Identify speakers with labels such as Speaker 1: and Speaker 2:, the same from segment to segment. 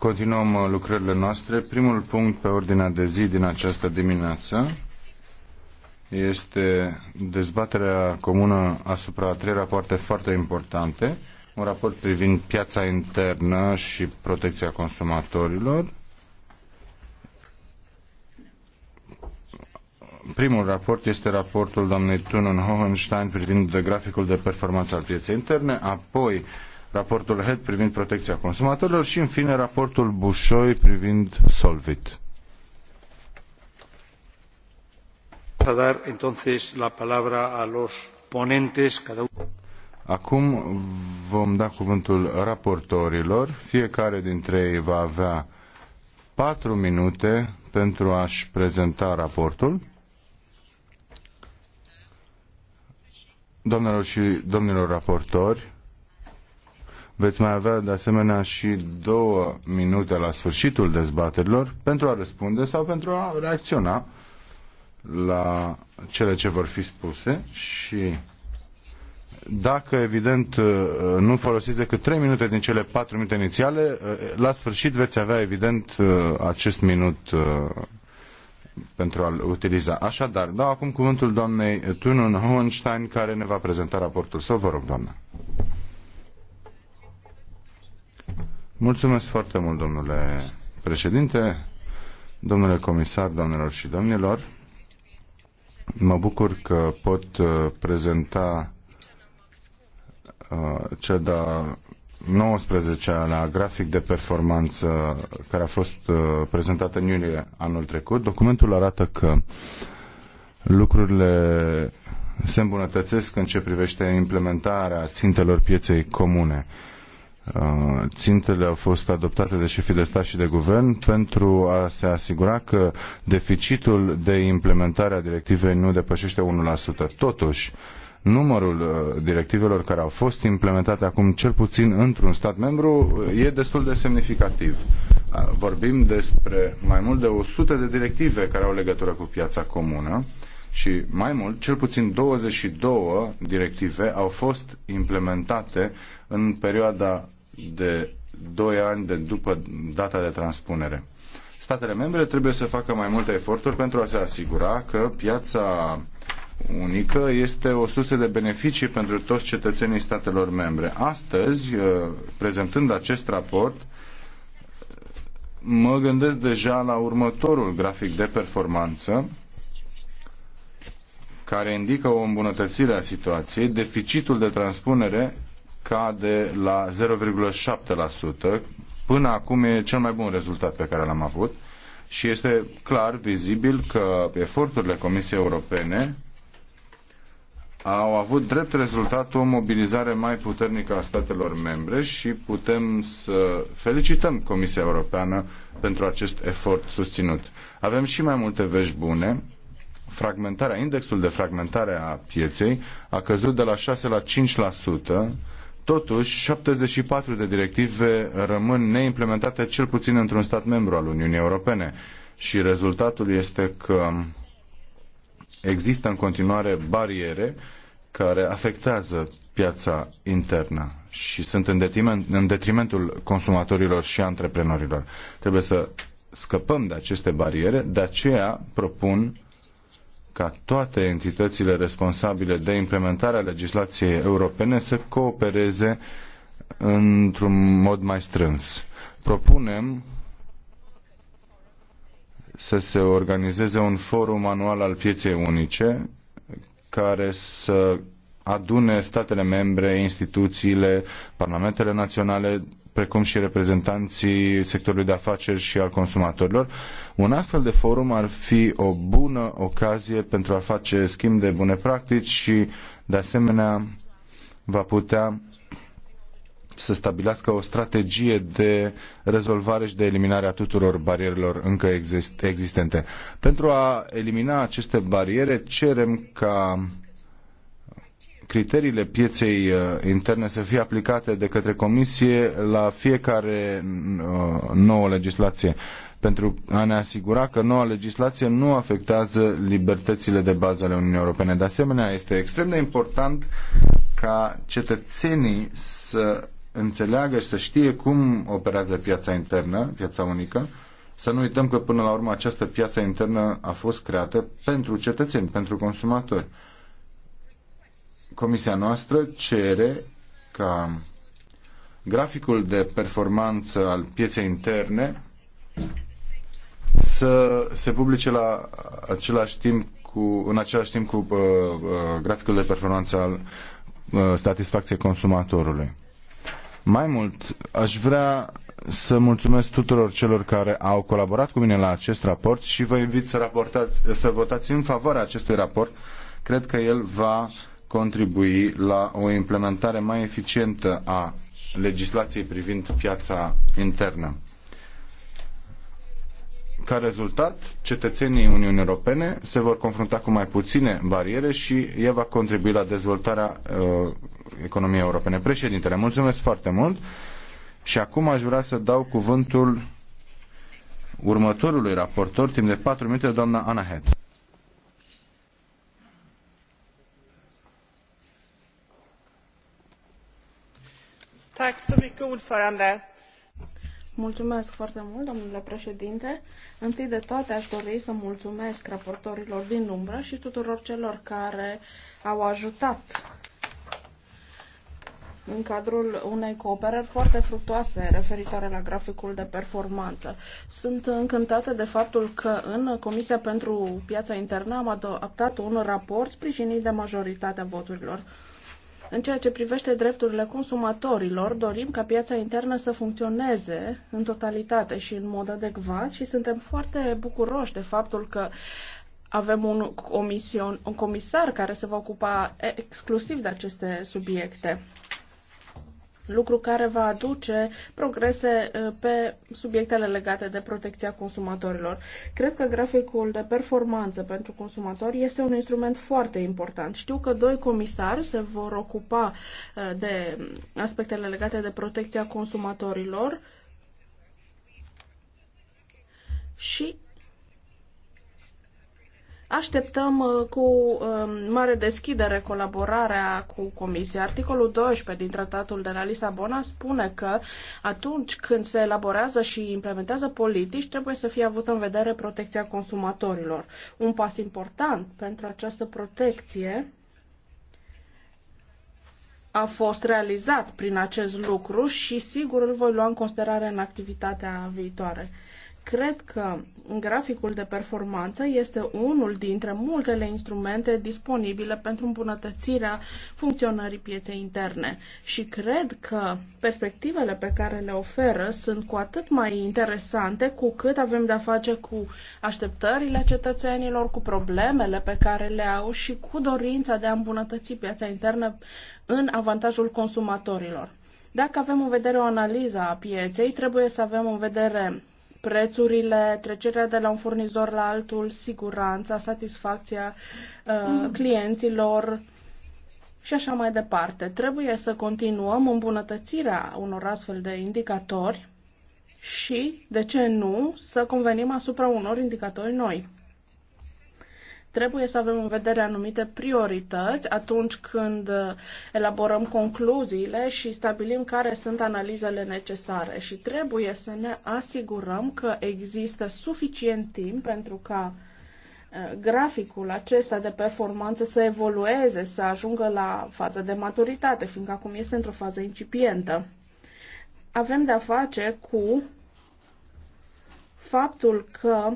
Speaker 1: Continuăm uh, lucrările noastre. Primul punct pe ordinea de zi din această dimineață este dezbaterea comună asupra a trei rapoarte foarte importante. Un raport privind piața internă și protecția consumatorilor. Primul raport este raportul doamnei Tunun Hohenstein privind graficul de performanță al pieței interne, apoi raportul HED privind protecția consumatorilor și, în fine, raportul Bușoi privind Solvit.
Speaker 2: A dar, entonces, la palabra a los ponentes, cada
Speaker 1: Acum vom da cuvântul raportorilor. Fiecare dintre ei va avea patru minute pentru a-și prezenta raportul. Doamnelor și domnilor raportori, Veți mai avea de asemenea și două minute la sfârșitul dezbaterilor pentru a răspunde sau pentru a reacționa la cele ce vor fi spuse și dacă, evident, uh, nu folosiți decât 3 minute din cele 4 minute inițiale, uh, la sfârșit veți avea, evident, uh, acest minut pentru a-l utiliza. Așadar, dau acum cuvântul doamnei Tunun Hohenstein, care ne va prezenta raportul său. Vă rog, doamnă. Mulțumesc foarte mult, domnule președinte, domnule comisar, doamnelor și domnilor. Mă bucur că pot uh, prezenta uh, cel de-a 19 grafic de performanță care a fost uh, prezentat în iulie anul trecut. Documentul arată că lucrurile se îmbunătățesc în ce privește implementarea țintelor pieței comune. Uh, țintele au fost adoptate de șefii de stat și de guvern pentru a se asigura că deficitul de implementare a directivei nu depășește 1%. Totuși, numărul uh, directivelor care au fost implementate acum cel puțin într-un stat membru e destul de semnificativ. Uh, vorbim despre mai mult de 100 de directive care au legătură cu piața comună și mai mult, cel puțin 22 directive au fost implementate în perioada de 2 ani de după data de transpunere. Statele membre trebuie să facă mai multe eforturi pentru a se asigura că piața unică este o sursă de beneficii pentru toți cetățenii statelor membre. Astăzi, eh, prezentând acest raport, mă gândesc deja la următorul grafic de performanță care indică o îmbunătățire a situației. Deficitul de transpunere scade la 0,7%. Până acum e cel mai bun rezultat pe care l-am avut și este clar, vizibil, că eforturile Comisiei Europene au avut drept rezultat o mobilizare mai puternică a statelor membre și putem să felicităm Comisia Europeană pentru acest efort susținut. Avem și mai multe vești bune. Fragmentarea, indexul de fragmentare a pieței a căzut de la 6 la 5%, Totuși, 74 de directive rămân neimplementate cel puțin într-un stat membru al Uniunii Europene și rezultatul este că există în continuare bariere care afectează piața internă și sunt în, detriment, în detrimentul consumatorilor și antreprenorilor. Trebuie să scăpăm de aceste bariere, de aceea propun ca toate entitățile responsabile de implementarea legislației europene să coopereze într-un mod mai strâns. Propunem să se organizeze un forum anual al pieței unice care să adune statele membre, instituțiile, parlamentele naționale, precum și reprezentanții sectorului de afaceri și al consumatorilor. Un astfel de forum ar fi o bună ocazie pentru a face schimb de bune practici și, de asemenea, va putea să stabilească o strategie de rezolvare și de eliminare a tuturor barierelor încă existente. Pentru a elimina aceste bariere, cerem ca criteriile pieței uh, interne să fie aplicate de către Comisie la fiecare uh, nouă legislație pentru a ne asigura că noua legislație nu afectează libertățile de bază ale Uniunii Europene. De asemenea, este extrem de important ca cetățenii să înțeleagă și să știe cum operează piața internă, piața unică, să nu uităm că până la urmă această piață internă a fost creată pentru cetățeni, pentru consumatori. Comisia noastră cere ca graficul de performanță al pieței interne să se publice la același timp cu, în același timp cu uh, uh, graficul de performanță al uh, satisfacției consumatorului. Mai mult, aș vrea să mulțumesc tuturor celor care au colaborat cu mine la acest raport și vă invit să, raportați, să votați în favoarea acestui raport. Cred că el va contribui la o implementare mai eficientă a legislației privind piața internă. Ca rezultat, cetățenii Uniunii Europene se vor confrunta cu mai puține bariere și ea va contribui la dezvoltarea uh, economiei europene. Președintele, mulțumesc foarte mult și acum aș vrea să dau cuvântul următorului raportor, timp de 4 minute, doamna Ana
Speaker 3: Mulțumesc foarte mult, președinte. Întâi de toate aș dori să mulțumesc raportorilor din umbră și tuturor celor care au ajutat în cadrul unei cooperări foarte fructoase referitoare la graficul de performanță. Sunt încântată de faptul că în Comisia pentru Piața Internă am adoptat un raport sprijinit de majoritatea voturilor. În ceea ce privește drepturile consumatorilor, dorim ca piața internă să funcționeze în totalitate și în mod adecvat și suntem foarte bucuroși de faptul că avem un, comision, un comisar care se va ocupa exclusiv de aceste subiecte lucru care va aduce progrese uh, pe subiectele legate de protecția consumatorilor. Cred că graficul de performanță pentru consumatori este un instrument foarte important. Știu că doi comisari se vor ocupa uh, de aspectele legate de protecția consumatorilor și Așteptăm uh, cu um, mare deschidere colaborarea cu Comisia. Articolul 12 din Tratatul de la Lisabona spune că atunci când se elaborează și implementează politici, trebuie să fie avut în vedere protecția consumatorilor. Un pas important pentru această protecție a fost realizat prin acest lucru și sigur îl voi lua în considerare în activitatea viitoare. Cred că graficul de performanță este unul dintre multele instrumente disponibile pentru îmbunătățirea funcționării pieței interne și cred că perspectivele pe care le oferă sunt cu atât mai interesante cu cât avem de-a face cu așteptările cetățenilor, cu problemele pe care le au și cu dorința de a îmbunătăți piața internă în avantajul consumatorilor. Dacă avem în vedere o analiză a pieței, trebuie să avem în vedere prețurile, trecerea de la un furnizor la altul, siguranța, satisfacția uh, mm. clienților și așa mai departe. Trebuie să continuăm îmbunătățirea unor astfel de indicatori și, de ce nu, să convenim asupra unor indicatori noi. Trebuie să avem în vedere anumite priorități atunci când uh, elaborăm concluziile și stabilim care sunt analizele necesare și trebuie să ne asigurăm că există suficient timp pentru ca uh, graficul acesta de performanță să evolueze, să ajungă la faza de maturitate, fiindcă acum este într-o fază incipientă. Avem de-a face cu faptul că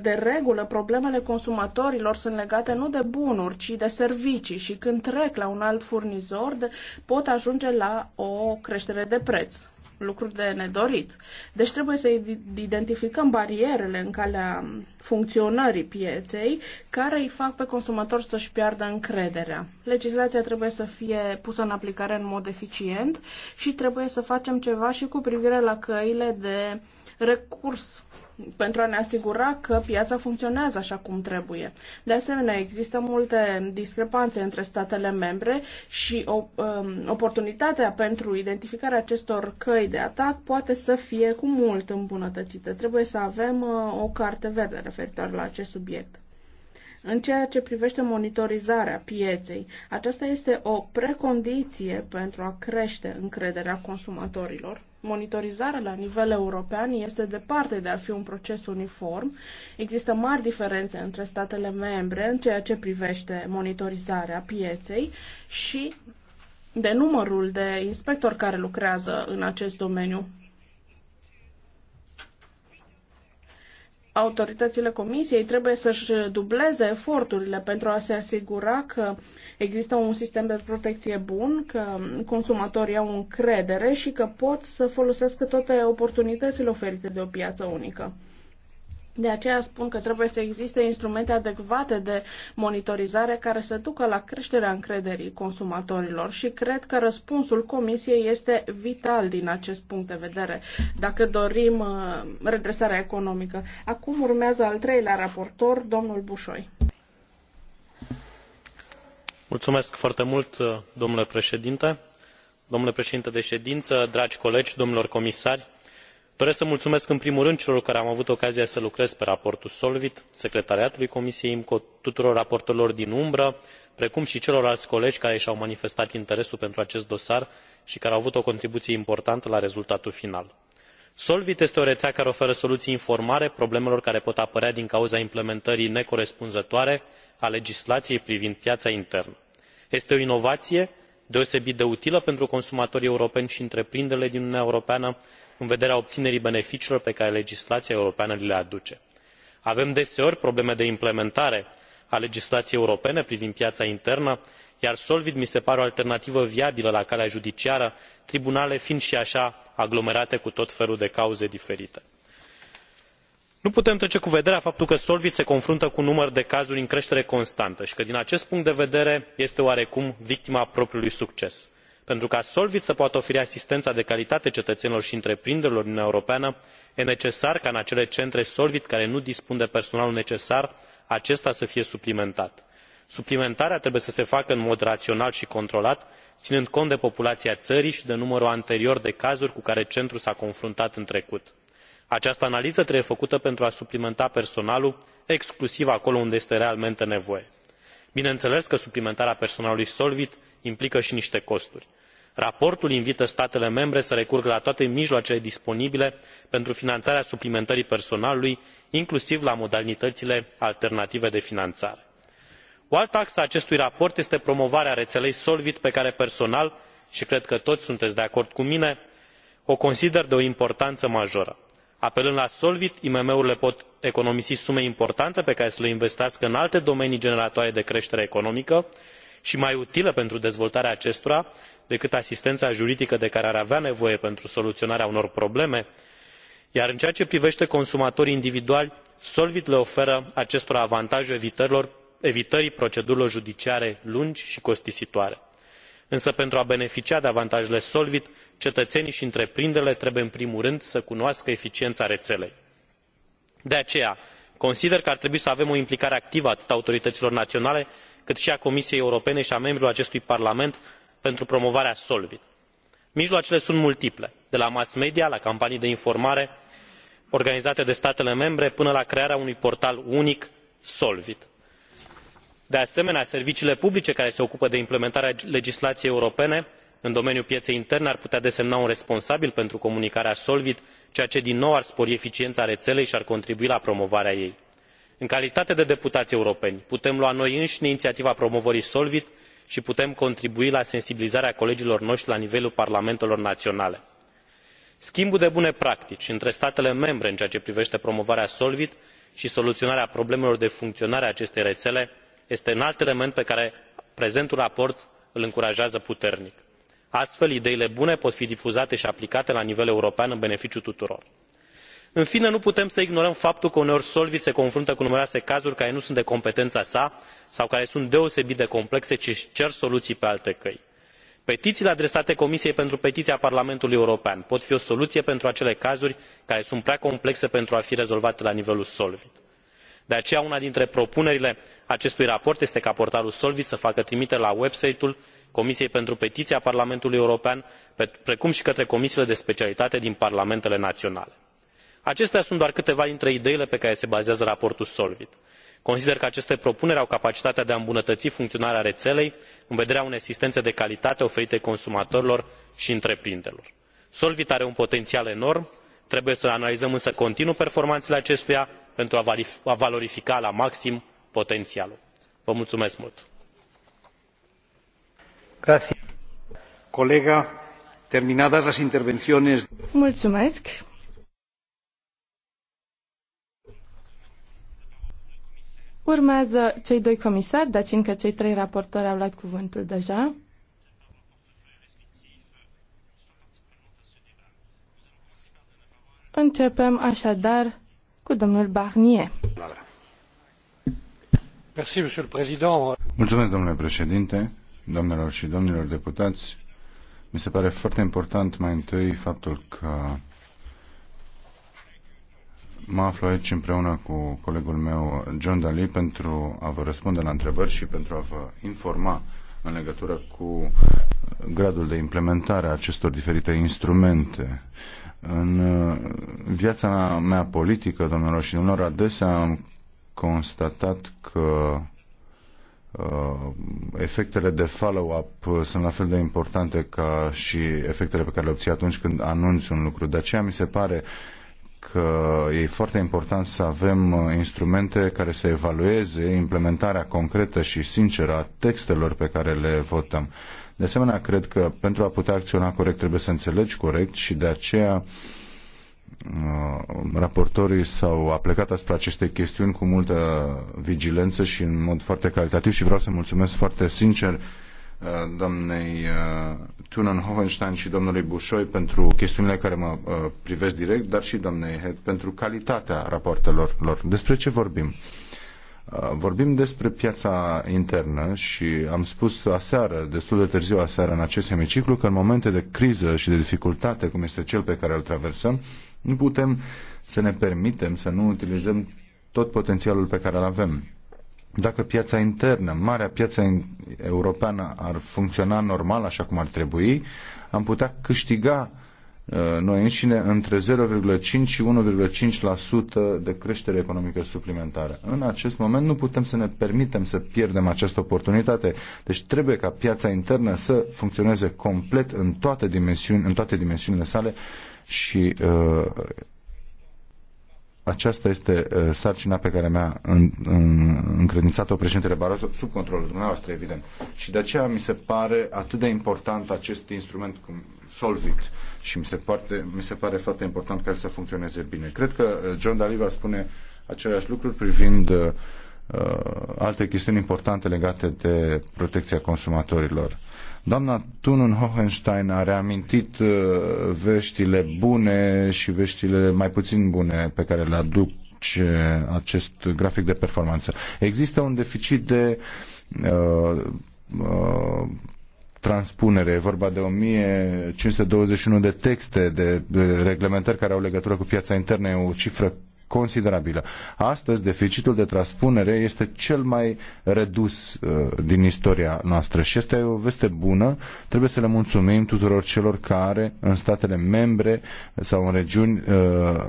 Speaker 3: de regulă, problemele consumatorilor sunt legate nu de bunuri, ci de servicii și când trec la un alt furnizor pot ajunge la o creștere de preț lucruri de nedorit. Deci trebuie să identificăm barierele în calea funcționării pieței care îi fac pe consumator să-și piardă încrederea. Legislația trebuie să fie pusă în aplicare în mod eficient și trebuie să facem ceva și cu privire la căile de recurs pentru a ne asigura că piața funcționează așa cum trebuie. De asemenea, există multe discrepanțe între statele membre și o, um, oportunitatea pentru identificarea acestor căi de atac poate să fie cu mult îmbunătățită. Trebuie să avem uh, o carte verde referitoare la acest subiect. În ceea ce privește monitorizarea pieței, aceasta este o precondiție pentru a crește încrederea consumatorilor. Monitorizarea la nivel european este departe de a fi un proces uniform. Există mari diferențe între statele membre în ceea ce privește monitorizarea pieței și de numărul de inspectori care lucrează în acest domeniu. autoritățile Comisiei trebuie să-și dubleze eforturile pentru a se asigura că există un sistem de protecție bun, că consumatorii au încredere și că pot să folosească toate oportunitățile oferite de o piață unică. De aceea spun că trebuie să existe instrumente adecvate de monitorizare care să ducă la creșterea încrederii consumatorilor și cred că răspunsul Comisiei este vital din acest punct de vedere, dacă dorim uh, redresarea economică. Acum urmează al treilea raportor, domnul Bușoi.
Speaker 2: Mulțumesc foarte mult, uh, domnule președinte, domnule președinte de ședință, dragi colegi, domnilor comisari doresc să mulumesc în primul rând celor cu care am avut ocazia să lucrez pe raportul solvit secretariatului comisiei imco tuturor raportorilor din umbră precum i celorlali colegi care i au manifestat interesul pentru acest dosar i care au avut o contribuie importantă la rezultatul final. solvit este o reea care oferă soluii în formare problemelor care pot apărea din cauza implementării necorespunzătoare a legislaiei privind piaa internă. este o inovaie deosebit de utilă pentru consumatorii europeni i întreprinderile din uniunea europeană în vederea obinerii beneficiilor pe care legislaia europeană li le aduce. avem deseori probleme de implementare a legislaiei europene privind piaa internă iar solvit mi se pare o alternativă viabilă la calea judiciară tribunalele fiind i aa aglomerate cu tot felul de cauze diferite. nu putem trece cu vederea faptul că solvit se confruntă cu un număr de cazuri în cretere constantă i că din acest punct de vedere este oarecum victima propriului succes pentru ca solvit să poată oferi asistena de calitate cetăenilor i întreprinderilor din uniunea europeană e necesar ca în acele centre solvit care nu dispun de personalul necesar acesta să fie suplimentat. suplimentarea trebuie să se facă în mod raional i controlat inând cont de populaia ării i de numărul anterior de cazuri cu care centrul s a confruntat în trecut. această analiză trebuie făcută pentru a suplimenta personalul exclusiv acolo unde este realmente nevoie bineîneles că suplimentarea personalului solvit implică i nite costuri. raportul invită statele membre să recurgă la toate mijloacele disponibile pentru finanarea suplimentării personalului inclusiv la modalităile alternative de finanare. o altă axă a acestui raport este promovarea reelei solvit pe care personal i cred că toi sunteți de acord cu mine o consider de o importană majoră apelând la solvit imm urile pot economisi sume importante pe care să le investească în alte domenii generatoare de cretere economică i mai utile pentru dezvoltarea acestora decât asistena juridică de care ar avea nevoie pentru soluionarea unor probleme iar în ceea ce privete consumatorii individuali solvit le oferă acestora avantajul evitării procedurilor judiciare lungi i costisitoare însă pentru a beneficia de avantajele solvit cetăenii i întreprinderile trebuie în primul rând să cunoască eficiena reelei. de aceea consider că ar trebui să avem o implicare activă atât a autorităilor naionale cât i a comisiei europene i a membrilor acestui parlament pentru promovarea solvit. mijloacele sunt multiple de la mass media la campanii de informare organizate de statele membre până la crearea unui portal unic solvit de asemenea serviciile publice care se ocupă de implementarea legislaiei europene în domeniul pieei interne ar putea desemna un responsabil pentru comunicarea solvit ceea ce din nou ar spori eficiena reelei i ar contribui la promovarea ei. în calitate de deputai europeni putem lua noi înine iniiativa promovării solvit i putem contribui la sensibilizarea colegilor notri la nivelul parlamentelor naionale. schimbul de bune practici între statele membre în ceea ce privete promovarea solvit i soluionarea problemelor de funcionare a acestei reele este un alt element pe care prezentul raport îl încurajează puternic. astfel ideile bune pot fi difuzate i aplicate la nivel european în beneficiul tuturor. în fine nu putem să ignorăm faptul că uneori solvit se confruntă cu numeroase cazuri care nu sunt de competena sa sau care sunt deosebit de complexe i cer soluii pe alte căi. petiiile adresate comisiei pentru petiii a parlamentului european pot fi o soluie pentru acele cazuri care sunt prea complexe pentru a fi rezolvate la nivelul solvit de aceea una dintre propunerile acestui raport este ca portalul solvit să facă trimitere la website ul comisiei pentru petiii a parlamentului european precum i către comisiile de specialitate din parlamentele naionale. acestea sunt doar câteva dintre ideile pe care se bazează raportul solvit. consider că aceste propuneri au capacitatea de a îmbunătăi funcionarea reelei în vederea unei asistene de calitate oferite consumatorilor i întreprinderilor. solvit are un potenial enorm trebuie să analizăm însă continuu performanele acestuia pentru a valorifica la maxim potenialul. vă mulumesc mult!
Speaker 4: Mulțumesc. Urmează cei doi comisari, dar încă cei trei raportori au luat cuvântul deja. Începem așadar cu domnul Barnier.
Speaker 1: Mulțumesc, domnule președinte, domnilor și domnilor deputați. Mi se pare foarte important mai întâi faptul că mă aflu aici împreună cu colegul meu John Daly pentru a vă răspunde la întrebări și pentru a vă informa în legătură cu gradul de implementare a acestor diferite instrumente Uh, în viața mea politică, domnilor și domnilor, adesea am constatat că uh, efectele de follow-up uh, sunt la fel de importante ca și efectele pe care le obții atunci când anunți un lucru. De aceea mi se pare că e foarte important să avem uh, instrumente care să evalueze implementarea concretă și sinceră a textelor pe care le votăm. De asemenea, cred că pentru a putea acționa corect trebuie să înțelegi corect și de aceea uh, raportorii s-au aplecat asupra acestei chestiuni cu multă vigilență și în mod foarte calitativ și vreau să mulțumesc foarte sincer uh, doamnei uh, Tunan Hohenstein și domnului Bușoi pentru chestiunile care mă privesc direct, dar și doamnei Head pentru calitatea raportelor lor. Despre ce vorbim? Uh, vorbim despre piața internă și am spus aseară, destul de târziu aseară în acest semiciclu, că în momente de criză și de dificultate, cum este cel pe care îl traversăm, nu putem să ne permitem să nu utilizăm tot potențialul pe care îl avem. Dacă piața internă, marea piață europeană ar funcționa normal așa cum ar trebui, am putea câștiga Uh, noi înșine între 0,5 și 1,5% de creștere economică suplimentară. În acest moment nu putem să ne permitem să pierdem această oportunitate. Deci trebuie ca piața internă să funcționeze complet în toate, dimensiuni, în toate dimensiunile sale și uh, aceasta este uh, sarcina pe care mi-a în, în, încredințat-o președintele Barroso sub controlul dumneavoastră, evident. Și de aceea mi se pare atât de important acest instrument cum Solvit și mi se, poate, mi se pare foarte important ca el să funcționeze bine. Cred că uh, John Daliva spune aceleași lucruri privind uh, uh, alte chestiuni importante legate de protecția consumatorilor. Doamna Tunun Hohenstein a reamintit uh, veștile bune și veștile mai puțin bune pe care le aduc acest grafic de performanță. Există un deficit de uh, uh, transpunere. E vorba de 1521 de texte, de reglementări care au legătură cu piața internă. E o cifră considerabilă. Astăzi, deficitul de transpunere este cel mai redus uh, din istoria noastră și este o veste bună. Trebuie să le mulțumim tuturor celor care în statele membre sau în regiuni uh,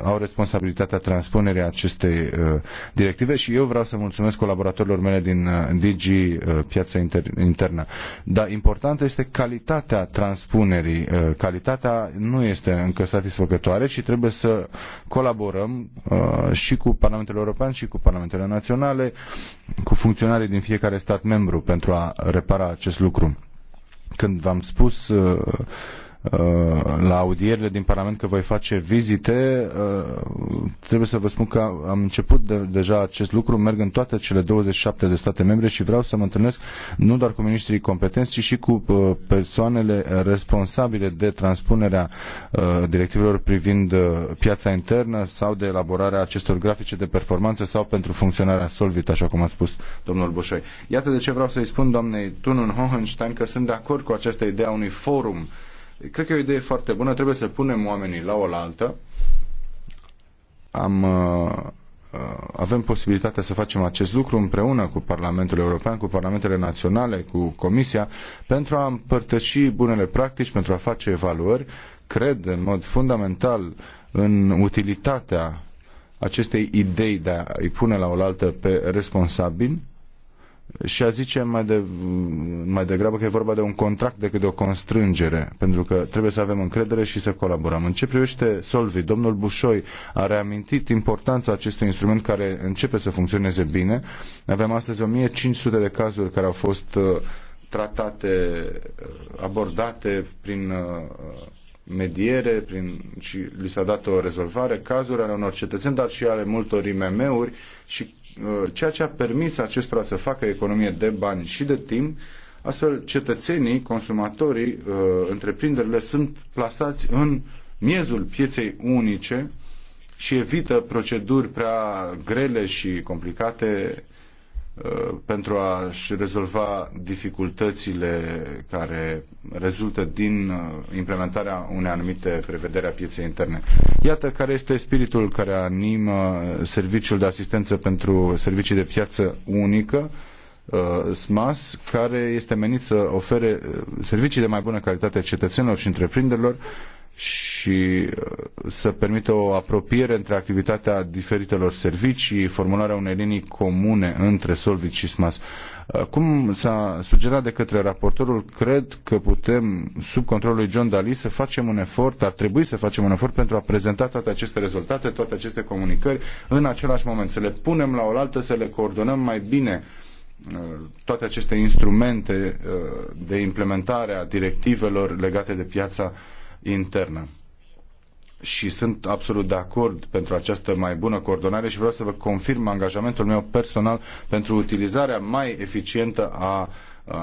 Speaker 1: au responsabilitatea transpunerii acestei uh, directive și eu vreau să mulțumesc colaboratorilor mele din uh, DG uh, Piața Inter- Internă. Dar importantă este calitatea transpunerii. Uh, calitatea nu este încă satisfăcătoare și trebuie să colaborăm uh, Uh, și cu Parlamentul European și cu Parlamentele Naționale, cu funcționarii din fiecare stat membru pentru a repara acest lucru. Când v-am spus uh, Uh, la audierile din Parlament că voi face vizite. Uh, trebuie să vă spun că am început de, deja acest lucru, merg în toate cele 27 de state membre și vreau să mă întâlnesc nu doar cu ministrii competenți, ci și cu uh, persoanele responsabile de transpunerea directivelor privind piața internă sau de elaborarea acestor grafice de performanță sau pentru funcționarea Solvit, așa cum a spus domnul Bușoi. Iată de ce vreau să-i spun doamnei Tunun Hohenstein că sunt de acord cu această idee a unui forum Cred că e o idee foarte bună, trebuie să punem oamenii la oaltă. Am, uh, uh, avem posibilitatea să facem acest lucru împreună cu Parlamentul European, cu Parlamentele Naționale, cu Comisia, pentru a împărtăși bunele practici, pentru a face evaluări. Cred în mod fundamental în utilitatea acestei idei de a îi pune la oaltă pe responsabili și a zice mai, de, mai degrabă că e vorba de un contract decât de o constrângere, pentru că trebuie să avem încredere și să colaborăm. În ce privește Solvi, domnul Bușoi a reamintit importanța acestui instrument care începe să funcționeze bine. Avem astăzi 1500 de cazuri care au fost uh, tratate, uh, abordate prin uh, mediere prin, și li s-a dat o rezolvare, cazuri ale unor cetățeni, dar și ale multor IMM-uri și Uh, ceea ce a permis acestora să facă economie de bani și de timp, astfel cetățenii, consumatorii, uh, întreprinderile sunt plasați în miezul pieței unice și evită proceduri prea grele și complicate Uh, pentru a-și rezolva dificultățile care rezultă din uh, implementarea unei anumite prevederi a pieței interne. Iată care este spiritul care animă uh, Serviciul de Asistență pentru Servicii de Piață Unică, SMAS, care este menit să ofere servicii de mai bună calitate cetățenilor și întreprinderilor și uh, să permită o apropiere între activitatea diferitelor servicii, formularea unei linii comune între Solvit și SMAS. Uh, cum s-a sugerat de către raportorul, cred că putem, sub controlul lui John Daly, să facem un efort, ar trebui să facem un efort pentru a prezenta toate aceste rezultate, toate aceste comunicări în același moment, să le punem la oaltă, să le coordonăm mai bine uh, toate aceste instrumente de implementare a directivelor legate de piața internă. Și sunt absolut de acord pentru această mai bună coordonare și vreau să vă confirm angajamentul meu personal pentru utilizarea mai eficientă a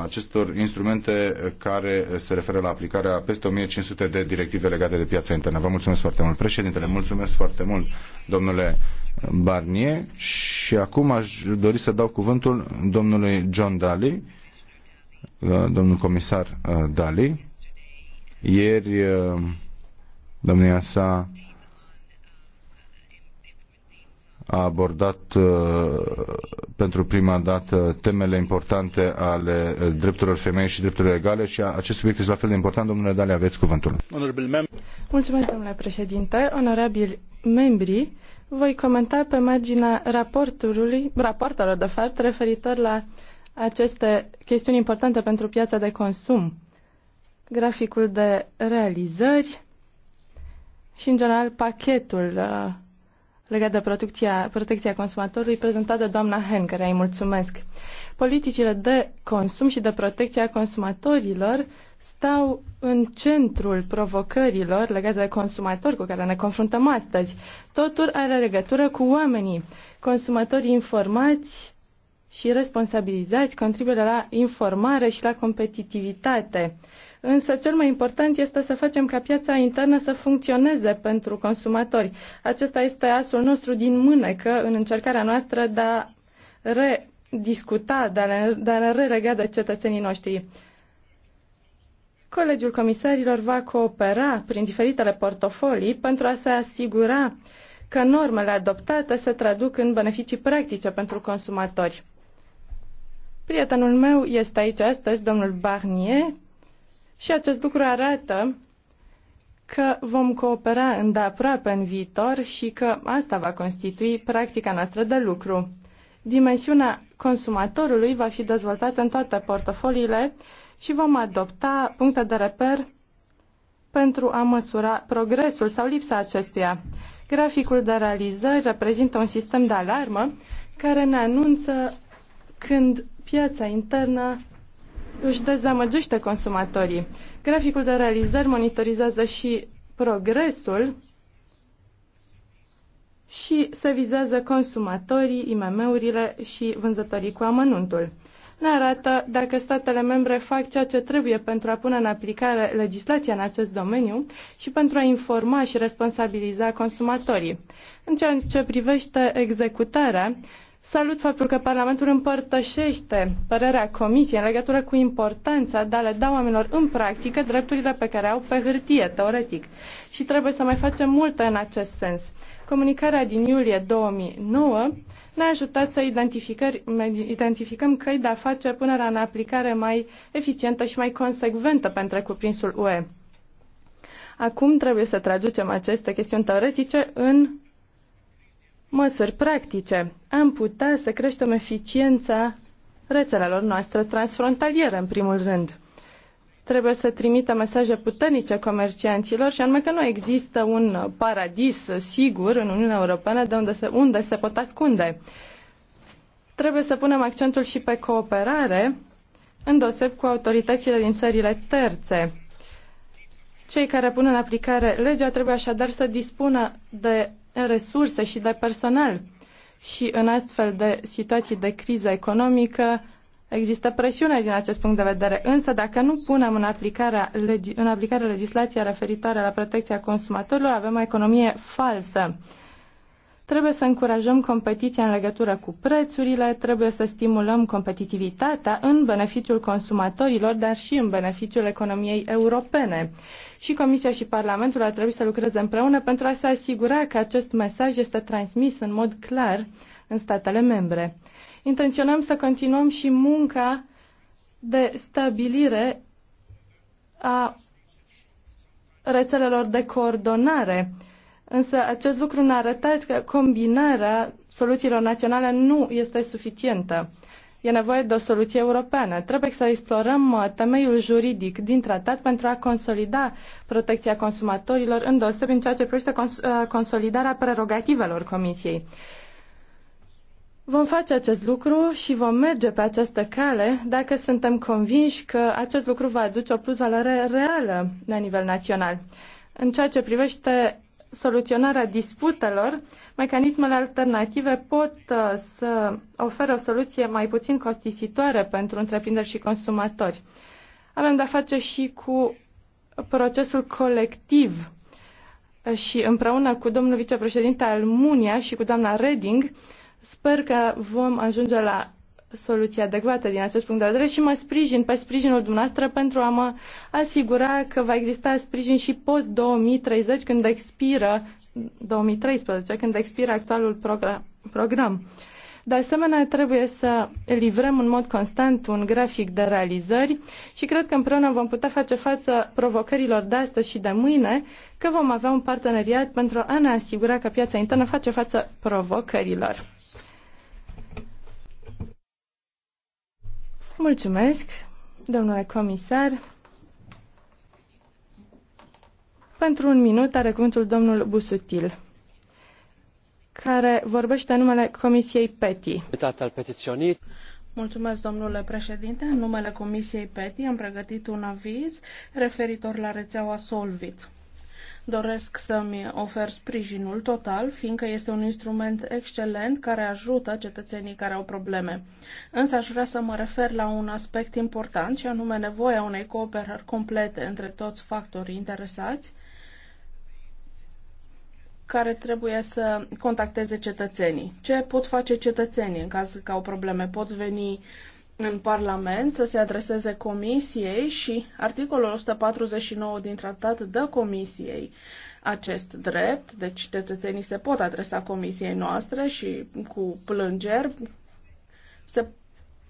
Speaker 1: acestor instrumente care se referă la aplicarea peste 1500 de directive legate de piața internă. Vă mulțumesc foarte mult, președintele. Mulțumesc foarte mult, domnule Barnier. Și acum aș dori să dau cuvântul domnului John Daly, domnul comisar uh, Daly. Ieri, uh, domnia sa a abordat uh, pentru prima dată temele importante ale uh, drepturilor femei și drepturilor egale și acest subiect este la fel de important. Domnule Dale, aveți cuvântul.
Speaker 4: Mulțumesc, domnule președinte. Onorabili membri, voi comenta pe marginea raportului, raportelor, de fapt, referitor la aceste chestiuni importante pentru piața de consum graficul de realizări și, în general, pachetul uh, legat de protecția, protecția consumatorului prezentat de doamna Hen, care îi mulțumesc. Politicile de consum și de protecția consumatorilor stau în centrul provocărilor legate de consumatori cu care ne confruntăm astăzi. Totul are legătură cu oamenii. Consumatorii informați și responsabilizați contribuie la informare și la competitivitate însă cel mai important este să facem ca piața internă să funcționeze pentru consumatori. Acesta este asul nostru din mânecă în încercarea noastră de a rediscuta, de a ne, de a relega de cetățenii noștri. Colegiul Comisarilor va coopera prin diferitele portofolii pentru a se asigura că normele adoptate se traduc în beneficii practice pentru consumatori. Prietenul meu este aici astăzi, domnul Barnier, și acest lucru arată că vom coopera îndeaproape în viitor și că asta va constitui practica noastră de lucru. Dimensiunea consumatorului va fi dezvoltată în toate portofoliile și vom adopta puncte de reper pentru a măsura progresul sau lipsa acestuia. Graficul de realizări reprezintă un sistem de alarmă care ne anunță când piața internă își dezamăgește consumatorii. Graficul de realizări monitorizează și progresul și se vizează consumatorii, IMM-urile și vânzătorii cu amănuntul. Ne arată dacă statele membre fac ceea ce trebuie pentru a pune în aplicare legislația în acest domeniu și pentru a informa și responsabiliza consumatorii. În ceea ce privește executarea, Salut faptul că Parlamentul împărtășește părerea Comisiei în legătură cu importanța de a le da oamenilor în practică drepturile pe care au pe hârtie, teoretic. Și trebuie să mai facem multe în acest sens. Comunicarea din iulie 2009 ne-a ajutat să identificăm căi de a face punerea în aplicare mai eficientă și mai consecventă pentru cuprinsul UE. Acum trebuie să traducem aceste chestiuni teoretice în măsuri practice. Am putea să creștem eficiența rețelelor noastre transfrontaliere, în primul rând. Trebuie să trimită mesaje puternice comercianților și anume că nu există un paradis sigur în Uniunea Europeană de unde se, unde se pot ascunde. Trebuie să punem accentul și pe cooperare, îndoseb cu autoritățile din țările terțe. Cei care pun în aplicare legea trebuie așadar să dispună de resurse și de personal. Și în astfel de situații de criză economică există presiune din acest punct de vedere. Însă dacă nu punem în aplicare, legi, în aplicare legislația referitoare la protecția consumatorilor, avem o economie falsă. Trebuie să încurajăm competiția în legătură cu prețurile, trebuie să stimulăm competitivitatea în beneficiul consumatorilor, dar și în beneficiul economiei europene și Comisia și Parlamentul ar trebui să lucreze împreună pentru a se asigura că acest mesaj este transmis în mod clar în statele membre. Intenționăm să continuăm și munca de stabilire a rețelelor de coordonare. Însă acest lucru ne-a arătat că combinarea soluțiilor naționale nu este suficientă e nevoie de o soluție europeană. Trebuie să explorăm uh, temeiul juridic din tratat pentru a consolida protecția consumatorilor, îndeosebi în ceea ce privește cons uh, consolidarea prerogativelor Comisiei. Vom face acest lucru și vom merge pe această cale dacă suntem convinși că acest lucru va aduce o plusvaloare reală la nivel național. În ceea ce privește soluționarea disputelor, mecanismele alternative pot uh, să ofere o soluție mai puțin costisitoare pentru întreprinderi și consumatori. Avem de-a face și cu procesul colectiv și împreună cu domnul vicepreședinte Munia și cu doamna Reding, sper că vom ajunge la soluții adecvate din acest punct de vedere și mă sprijin pe sprijinul dumneavoastră pentru a mă asigura că va exista sprijin și post-2030 când expiră 2013, când expiră actualul program. De asemenea, trebuie să livrăm în mod constant un grafic de realizări și cred că împreună vom putea face față provocărilor de astăzi și de mâine, că vom avea un parteneriat pentru a ne asigura că piața internă face față provocărilor. Mulțumesc, domnule comisar. Pentru un minut are cuvântul domnul Busutil, care vorbește în numele Comisiei PETI. Mulțumesc, domnule
Speaker 3: președinte. În numele Comisiei PETI am pregătit un aviz referitor la rețeaua Solvit doresc să-mi ofer sprijinul total, fiindcă este un instrument excelent care ajută cetățenii care au probleme. Însă aș vrea să mă refer la un aspect important, și anume nevoia unei cooperări complete între toți factorii interesați, care trebuie să contacteze cetățenii. Ce pot face cetățenii în caz că au probleme? Pot veni în Parlament să se adreseze Comisiei și articolul 149 din tratat dă Comisiei acest drept, deci cetățenii se pot adresa Comisiei noastre și cu plângeri se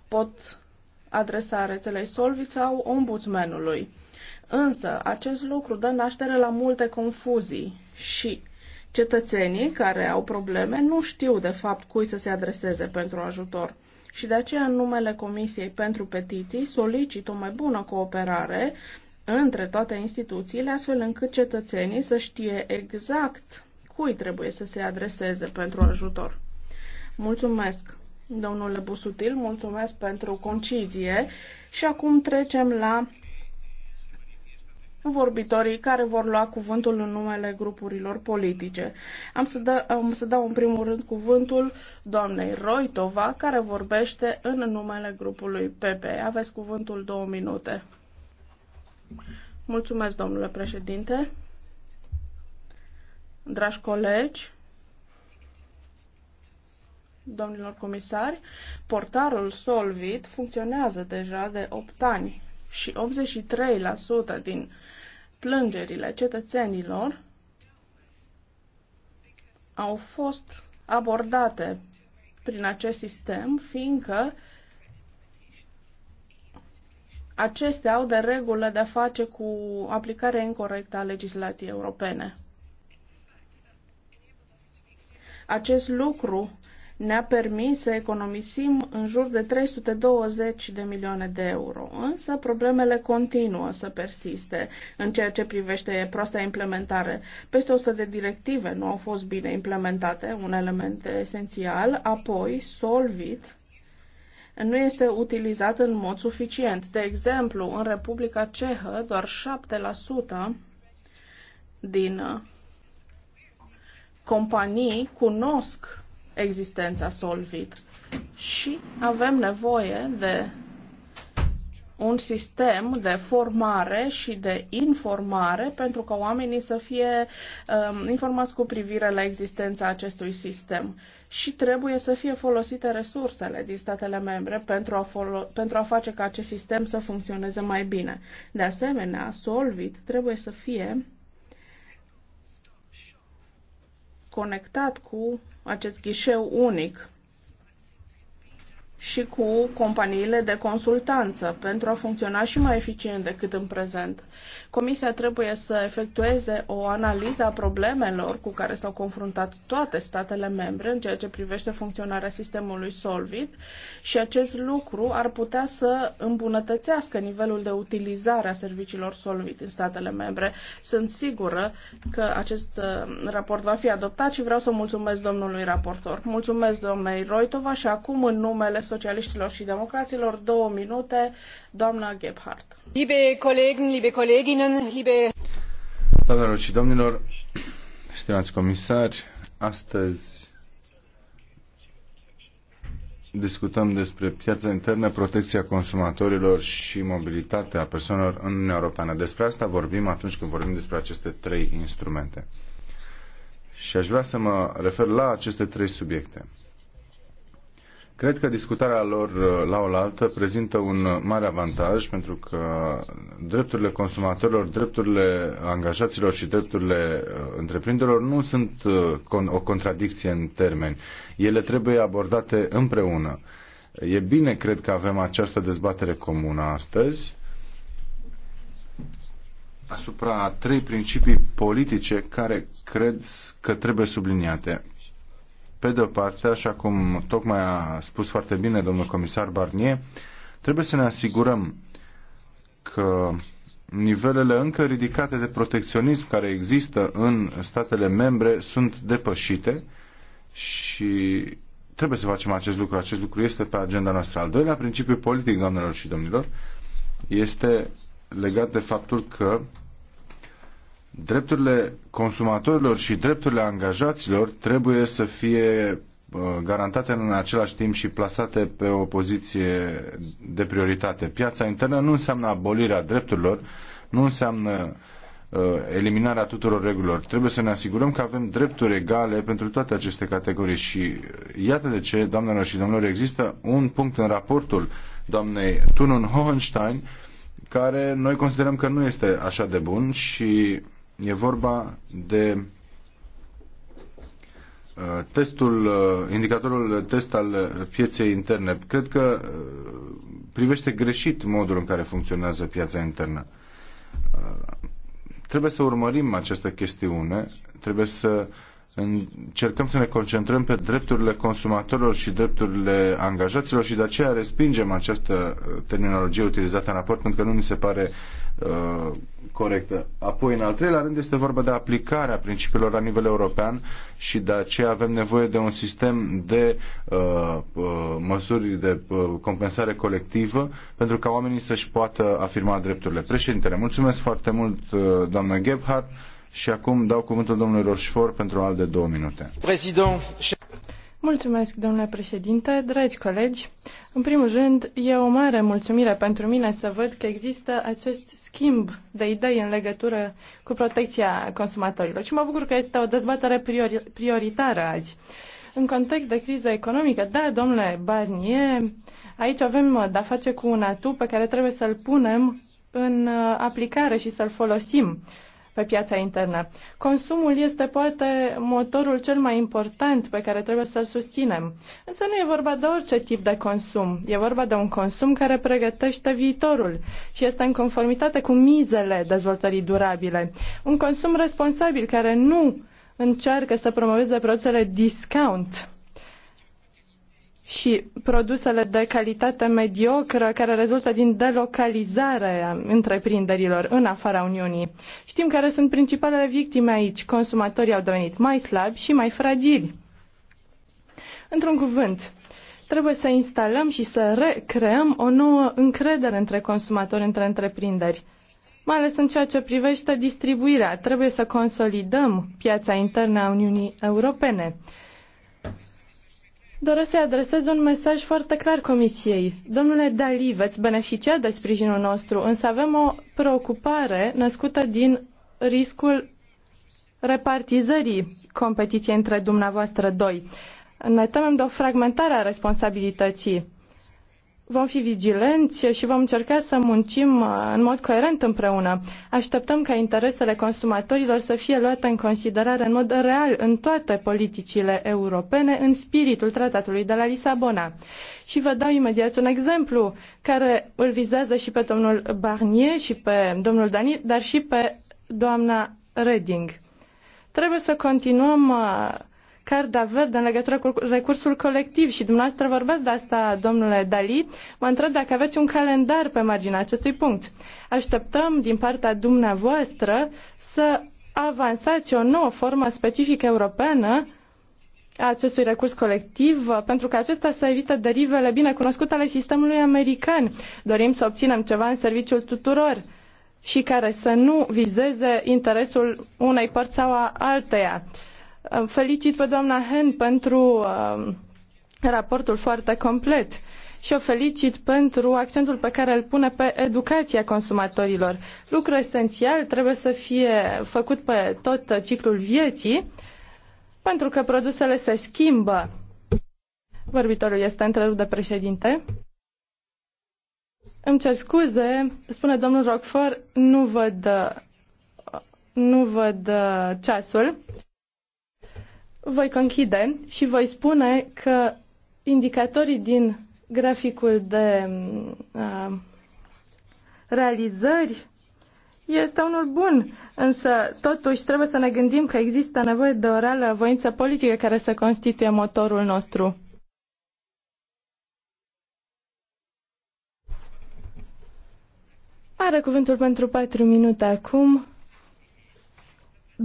Speaker 3: pot adresa rețelei Solvit sau Ombudsmanului. Însă, acest lucru dă naștere la multe confuzii și Cetățenii care au probleme nu știu de fapt cui să se adreseze pentru ajutor și de aceea în numele Comisiei pentru Petiții solicit o mai bună cooperare între toate instituțiile astfel încât cetățenii să știe exact cui trebuie să se adreseze pentru ajutor. Mulțumesc, domnule Busutil, mulțumesc pentru concizie și acum trecem la vorbitorii care vor lua cuvântul în numele grupurilor politice. Am să, da, am să dau în primul rând cuvântul doamnei Roitova, care vorbește în numele grupului PP. Aveți cuvântul două minute. Mulțumesc, domnule președinte. Dragi colegi, domnilor comisari, portarul Solvit funcționează deja de 8 ani și 83% din plângerile cetățenilor au fost abordate prin acest sistem, fiindcă acestea au de regulă de a face cu aplicarea incorrectă a legislației europene. Acest lucru ne-a permis să economisim în jur de 320 de milioane de euro. Însă problemele continuă să persiste în ceea ce privește proasta implementare. Peste 100 de directive nu au fost bine implementate, un element esențial. Apoi, Solvit nu este utilizat în mod suficient. De exemplu, în Republica Cehă, doar 7% din companii cunosc existența Solvit. Și avem nevoie de un sistem de formare și de informare pentru ca oamenii să fie um, informați cu privire la existența acestui sistem. Și trebuie să fie folosite resursele din statele membre pentru a, pentru a face ca acest sistem să funcționeze mai bine. De asemenea, Solvit trebuie să fie conectat cu acest ghișeu unic și cu companiile de consultanță pentru a funcționa și mai eficient decât în prezent. Comisia trebuie să efectueze o analiză a problemelor cu care s-au confruntat toate statele membre în ceea ce privește funcționarea sistemului Solvit și acest lucru ar putea să îmbunătățească nivelul de utilizare a serviciilor Solvit în statele membre. Sunt sigură că acest uh, raport va fi adoptat și vreau să mulțumesc domnului raportor. Mulțumesc domnului Roitova și acum în numele socialiștilor și democraților, două minute, doamna Gebhardt. Liebe Kollegen, liebe Kolleginnen, liebe...
Speaker 1: Doamnelor și domnilor, stimați comisari, astăzi discutăm despre piața internă, protecția consumatorilor și mobilitatea persoanelor în Uniunea Europeană. Despre asta vorbim atunci când vorbim despre aceste trei instrumente. Și aș vrea să mă refer la aceste trei subiecte. Cred că discutarea lor uh, la oaltă prezintă un mare avantaj pentru că drepturile consumatorilor, drepturile angajaților și drepturile uh, întreprinderilor nu sunt uh, o contradicție în termeni. Ele trebuie abordate împreună. E bine, cred că avem această dezbatere comună astăzi asupra trei principii politice care cred că trebuie subliniate. Pe de o parte, așa cum tocmai a spus foarte bine domnul comisar Barnier, trebuie să ne asigurăm că nivelele încă ridicate de protecționism care există în statele membre sunt depășite și trebuie să facem acest lucru. Acest lucru este pe agenda noastră. Al doilea principiu politic, doamnelor și domnilor, este legat de faptul că drepturile consumatorilor și drepturile angajaților trebuie să fie uh, garantate în același timp și plasate pe o poziție de prioritate. Piața internă nu înseamnă abolirea drepturilor, nu înseamnă uh, eliminarea tuturor regulilor. Trebuie să ne asigurăm că avem drepturi egale pentru toate aceste categorii și iată de ce, doamnelor și domnilor, există un punct în raportul doamnei Tunun Hohenstein care noi considerăm că nu este așa de bun și E vorba de uh, testul, uh, indicatorul test al pieței interne. Cred că uh, privește greșit modul în care funcționează piața internă. Trebuie să urmărim această chestiune, trebuie să încercăm să ne concentrăm pe drepturile consumatorilor și drepturile angajaților și de aceea respingem această terminologie utilizată în raport pentru că nu mi se pare uh, Uh, corectă. Apoi, în al treilea rând, este vorba de aplicarea principiilor la nivel european și de aceea avem nevoie de un sistem de uh, uh, măsuri de uh, compensare colectivă pentru ca oamenii să-și poată afirma drepturile. Președintele, mulțumesc foarte mult, uh, doamnă Gebhardt, și acum dau cuvântul domnului Rochefort pentru al de două minute.
Speaker 4: President... Mulțumesc, domnule președinte, dragi colegi. În primul rând, e o mare mulțumire pentru mine să văd că există acest schimb de idei în legătură cu protecția consumatorilor și mă bucur că este o dezbatere priori- prioritară azi. În context de criză economică, da, domnule Barnier, aici avem de-a face cu un atu pe care trebuie să-l punem în uh, aplicare și să-l folosim pe piața internă. Consumul este poate motorul cel mai important pe care trebuie să-l susținem. Însă nu e vorba de orice tip de consum. E vorba de un consum care pregătește viitorul și este în conformitate cu mizele dezvoltării durabile. Un consum responsabil care nu încearcă să promoveze produsele discount și produsele de calitate mediocră care rezultă din delocalizarea întreprinderilor în afara Uniunii. Știm care sunt principalele victime aici. Consumatorii au devenit mai slabi și mai fragili. Într-un cuvânt, trebuie să instalăm și să recreăm o nouă încredere între consumatori, între întreprinderi. Mai ales în ceea ce privește distribuirea, trebuie să consolidăm piața internă a Uniunii Europene doresc să-i adresez un mesaj foarte clar Comisiei. Domnule Dali, veți beneficia de sprijinul nostru, însă avem o preocupare născută din riscul repartizării competiției între dumneavoastră doi. Ne temem de o fragmentare a responsabilității vom fi vigilenți și vom încerca să muncim uh, în mod coerent împreună. Așteptăm ca interesele consumatorilor să fie luate în considerare în mod real în toate politicile europene, în spiritul tratatului de la Lisabona. Și vă dau imediat un exemplu care îl vizează și pe domnul Barnier și pe domnul Dani, dar și pe doamna Reding. Trebuie să continuăm uh, Carda Verde în legătură cu recursul colectiv și dumneavoastră vorbeați de asta, domnule Dali. Mă întreb dacă aveți un calendar pe marginea acestui punct. Așteptăm din partea dumneavoastră să avansați o nouă formă specifică europeană a acestui recurs colectiv, uh, pentru că acesta să evite derivele binecunoscute ale sistemului american. Dorim să obținem ceva în serviciul tuturor și care să nu vizeze interesul unei părți sau a alteia felicit pe doamna Hen pentru um, raportul foarte complet și o felicit pentru accentul pe care îl pune pe educația consumatorilor. Lucru esențial trebuie să fie făcut pe tot ciclul vieții, pentru că produsele se schimbă. Vorbitorul este întrerupt de președinte. Îmi cer scuze, spune domnul Rockford, nu văd, nu văd uh, ceasul voi conchide și voi spune că indicatorii din graficul de uh, realizări este unul bun, însă totuși trebuie să ne gândim că există nevoie de o reală voință politică care să constituie motorul nostru. Are cuvântul pentru patru minute acum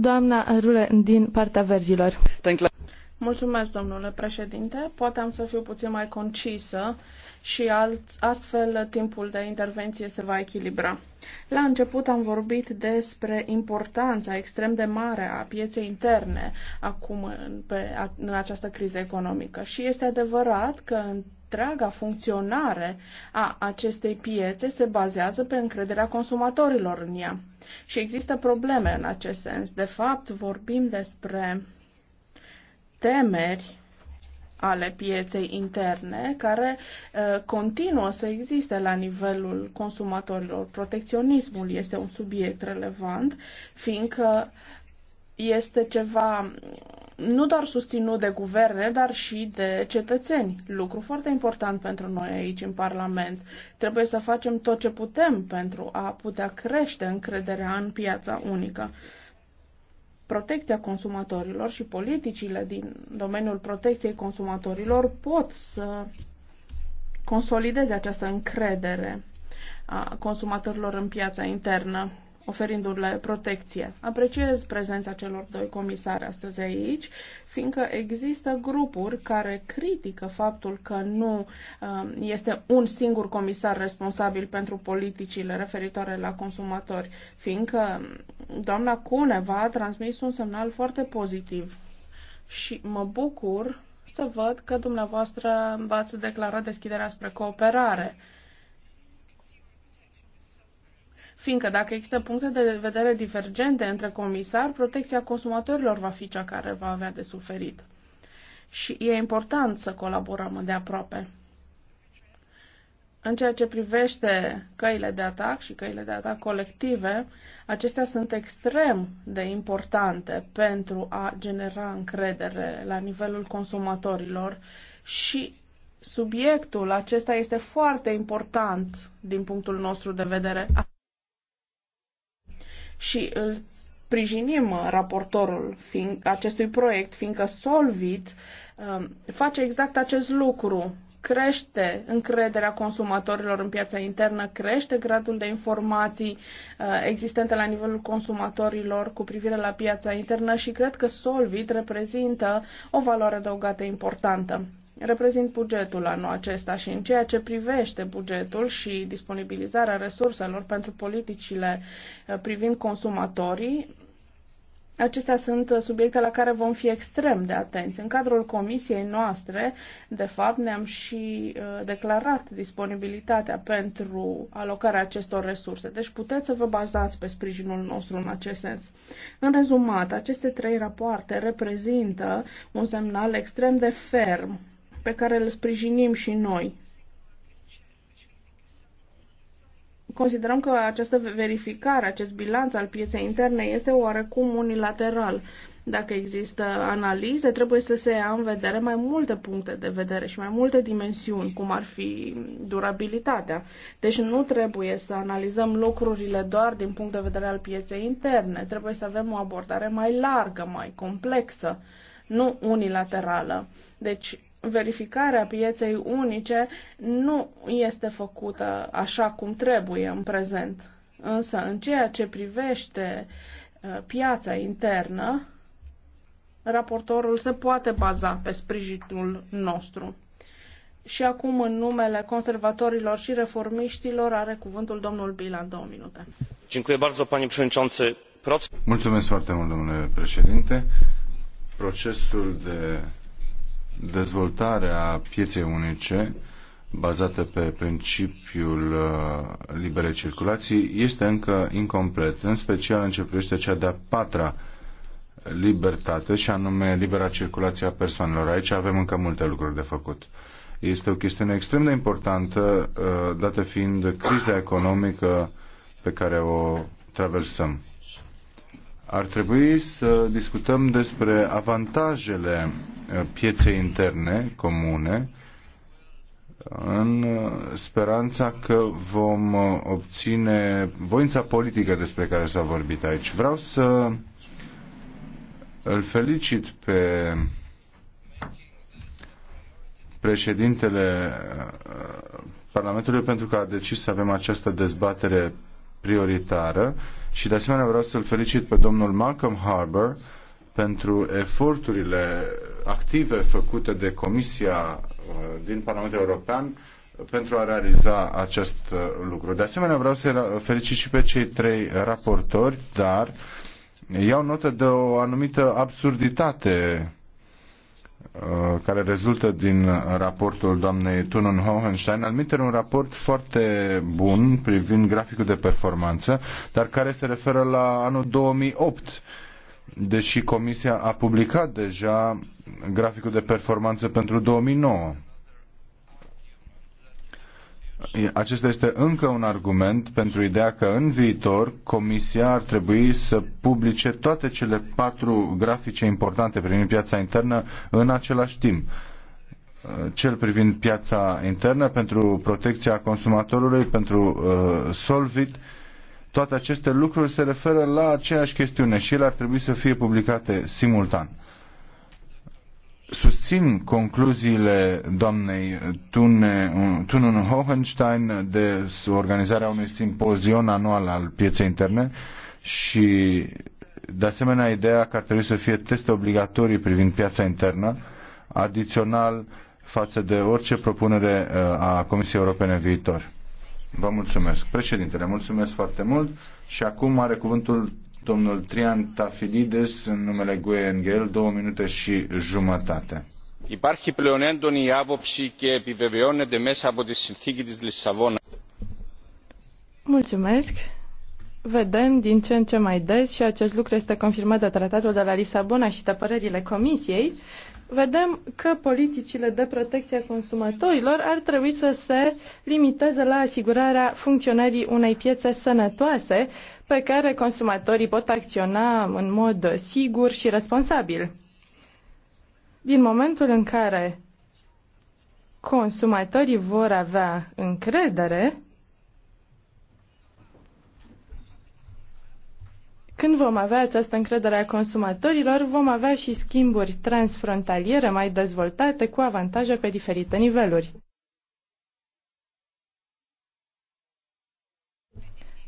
Speaker 4: Doamna Rule, din partea verzilor. Mulțumesc, domnule
Speaker 3: președinte. Poate am să fiu puțin mai concisă și alt, astfel timpul de intervenție se va echilibra. La început am vorbit despre importanța extrem de mare a pieței interne acum în, pe, în această criză economică și este adevărat că în întreaga funcționare a acestei piețe se bazează pe încrederea consumatorilor în ea. Și există probleme în acest sens. De fapt, vorbim despre temeri ale pieței interne care uh, continuă să existe la nivelul consumatorilor. Protecționismul este un subiect relevant, fiindcă este ceva nu doar susținut de guverne, dar și de cetățeni. Lucru foarte important pentru noi aici în Parlament. Trebuie să facem tot ce putem pentru a putea crește încrederea în piața unică. Protecția consumatorilor și politicile din domeniul protecției consumatorilor pot să consolideze această încredere a consumatorilor în piața internă oferindu-le protecție. Apreciez prezența celor doi comisari astăzi aici, fiindcă există grupuri care critică faptul că nu um, este un singur comisar responsabil pentru politicile referitoare la consumatori, fiindcă um, doamna Cuneva a transmis un semnal foarte pozitiv. Și mă bucur să văd că dumneavoastră v-ați declarat deschiderea spre cooperare fiindcă dacă există puncte de vedere divergente între comisar, protecția consumatorilor va fi cea care va avea de suferit. Și e important să colaborăm de aproape. În ceea ce privește căile de atac și căile de atac colective, acestea sunt extrem de importante pentru a genera încredere la nivelul consumatorilor și subiectul acesta este foarte important din punctul nostru de vedere și îl sprijinim uh, raportorul fiind, acestui proiect, fiindcă Solvit um, face exact acest lucru. Crește încrederea consumatorilor în piața internă, crește gradul de informații uh, existente la nivelul consumatorilor cu privire la piața internă și cred că Solvit reprezintă o valoare adăugată importantă reprezint bugetul anul acesta și în ceea ce privește bugetul și disponibilizarea resurselor pentru politicile uh, privind consumatorii, Acestea sunt uh, subiecte la care vom fi extrem de atenți. În cadrul comisiei noastre, de fapt, ne-am și uh, declarat disponibilitatea pentru alocarea acestor resurse. Deci puteți să vă bazați pe sprijinul nostru în acest sens. În rezumat, aceste trei rapoarte reprezintă un semnal extrem de ferm pe care îl sprijinim și noi. Considerăm că această verificare, acest bilanț al pieței interne este oarecum unilateral. Dacă există analize, trebuie să se ia în vedere mai multe puncte de vedere și mai multe dimensiuni, cum ar fi durabilitatea. Deci nu trebuie să analizăm lucrurile doar din punct de vedere al pieței interne. Trebuie să avem o abordare mai largă, mai complexă, nu unilaterală. Deci verificarea pieței unice nu este făcută așa cum trebuie în prezent. Însă, în ceea ce privește uh, piața internă, raportorul se poate baza pe sprijinul nostru. Și acum, în numele conservatorilor și reformiștilor, are cuvântul domnul Bilan, două minute.
Speaker 1: Mulțumesc foarte mult, domnule președinte. Procesul de dezvoltarea pieței unice bazată pe principiul uh, liberei circulații este încă incomplet, în special în ce privește cea de-a patra libertate și anume libera circulație a persoanelor. Aici avem încă multe lucruri de făcut. Este o chestiune extrem de importantă, uh, dată fiind criza economică pe care o traversăm. Ar trebui să discutăm despre avantajele Uh, pieței interne comune în uh, speranța că vom uh, obține voința politică despre care s-a vorbit aici. Vreau să îl felicit pe președintele Parlamentului pentru că a decis să avem această dezbatere prioritară și de asemenea vreau să-l felicit pe domnul Malcolm Harbour pentru eforturile active făcute de Comisia uh, din Parlamentul European pentru a realiza acest uh, lucru. De asemenea, vreau să felicit și pe cei trei raportori, dar iau notă de o anumită absurditate uh, care rezultă din raportul doamnei Tunon Hohenstein, admitere un raport foarte bun privind graficul de performanță, dar care se referă la anul 2008, deși Comisia a publicat deja graficul de performanță pentru 2009. Acesta este încă un argument pentru ideea că în viitor Comisia ar trebui să publice toate cele patru grafice importante privind piața internă în același timp. Cel privind piața internă pentru protecția consumatorului, pentru uh, Solvit, toate aceste lucruri se referă la aceeași chestiune și ele ar trebui să fie publicate simultan susțin concluziile doamnei Tunun Hohenstein de organizarea unui simpozion anual al pieței interne și de asemenea ideea că ar trebui să fie teste obligatorii privind piața internă, adițional față de orice propunere uh, a Comisiei Europene în viitor. Vă mulțumesc. Președintele, mulțumesc foarte mult și acum are cuvântul domnul Trian Tafilides în numele GUE două minute și jumătate. Υπάρχει πλέον έντονη άποψη και επιβεβαιώνεται μέσα από τη συνθήκη της Λισαβόνα.
Speaker 4: Mulțumesc vedem din ce în ce mai des și acest lucru este confirmat de tratatul de la Lisabona și de părerile Comisiei, vedem că politicile de protecție a consumatorilor ar trebui să se limiteze la asigurarea funcționării unei piețe sănătoase pe care consumatorii pot acționa în mod sigur și responsabil. Din momentul în care consumatorii vor avea încredere, Când vom avea această încredere a consumatorilor, vom avea și schimburi transfrontaliere mai dezvoltate cu avantaje pe diferite niveluri.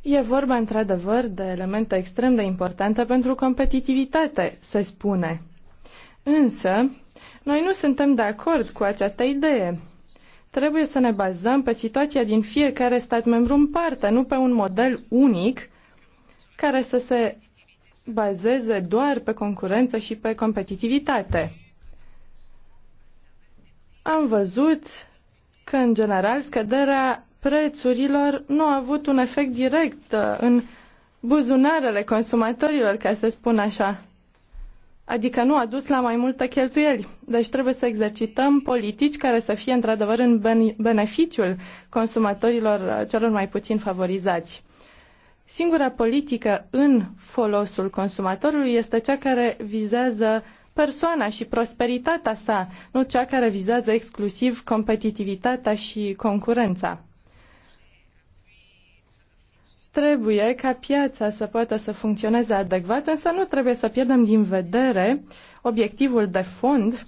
Speaker 4: E vorba într-adevăr de elemente extrem de importante pentru competitivitate, se spune. Însă, noi nu suntem de acord cu această idee. Trebuie să ne bazăm pe situația din fiecare stat membru în parte, nu pe un model unic care să se bazeze doar pe concurență și pe competitivitate. Am văzut că, în general, scăderea prețurilor nu a avut un efect direct uh, în buzunarele consumatorilor, ca să spun așa. Adică nu a dus la mai multe cheltuieli. Deci trebuie să exercităm politici care să fie într-adevăr în beneficiul consumatorilor uh, celor mai puțin favorizați. Singura politică în folosul consumatorului este cea care vizează persoana și prosperitatea sa, nu cea care vizează exclusiv competitivitatea și concurența. Trebuie ca piața să poată să funcționeze adecvat, însă nu trebuie să pierdem din vedere obiectivul de fond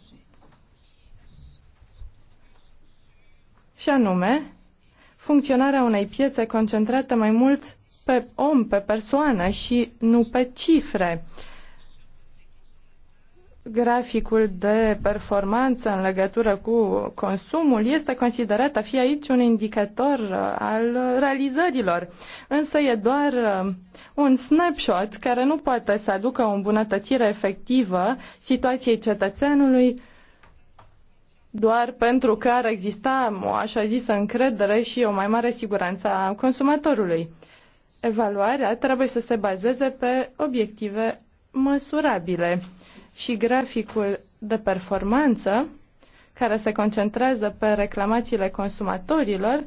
Speaker 4: și anume funcționarea unei piețe concentrate mai mult pe om, pe persoană și nu pe cifre. Graficul de performanță în legătură cu consumul este considerat a fi aici un indicator uh, al realizărilor, însă e doar uh, un snapshot care nu poate să aducă o îmbunătățire efectivă situației cetățeanului doar pentru că ar exista o așa zisă încredere și o mai mare siguranță a consumatorului evaluarea trebuie să se bazeze pe obiective măsurabile și graficul de performanță care se concentrează pe reclamațiile consumatorilor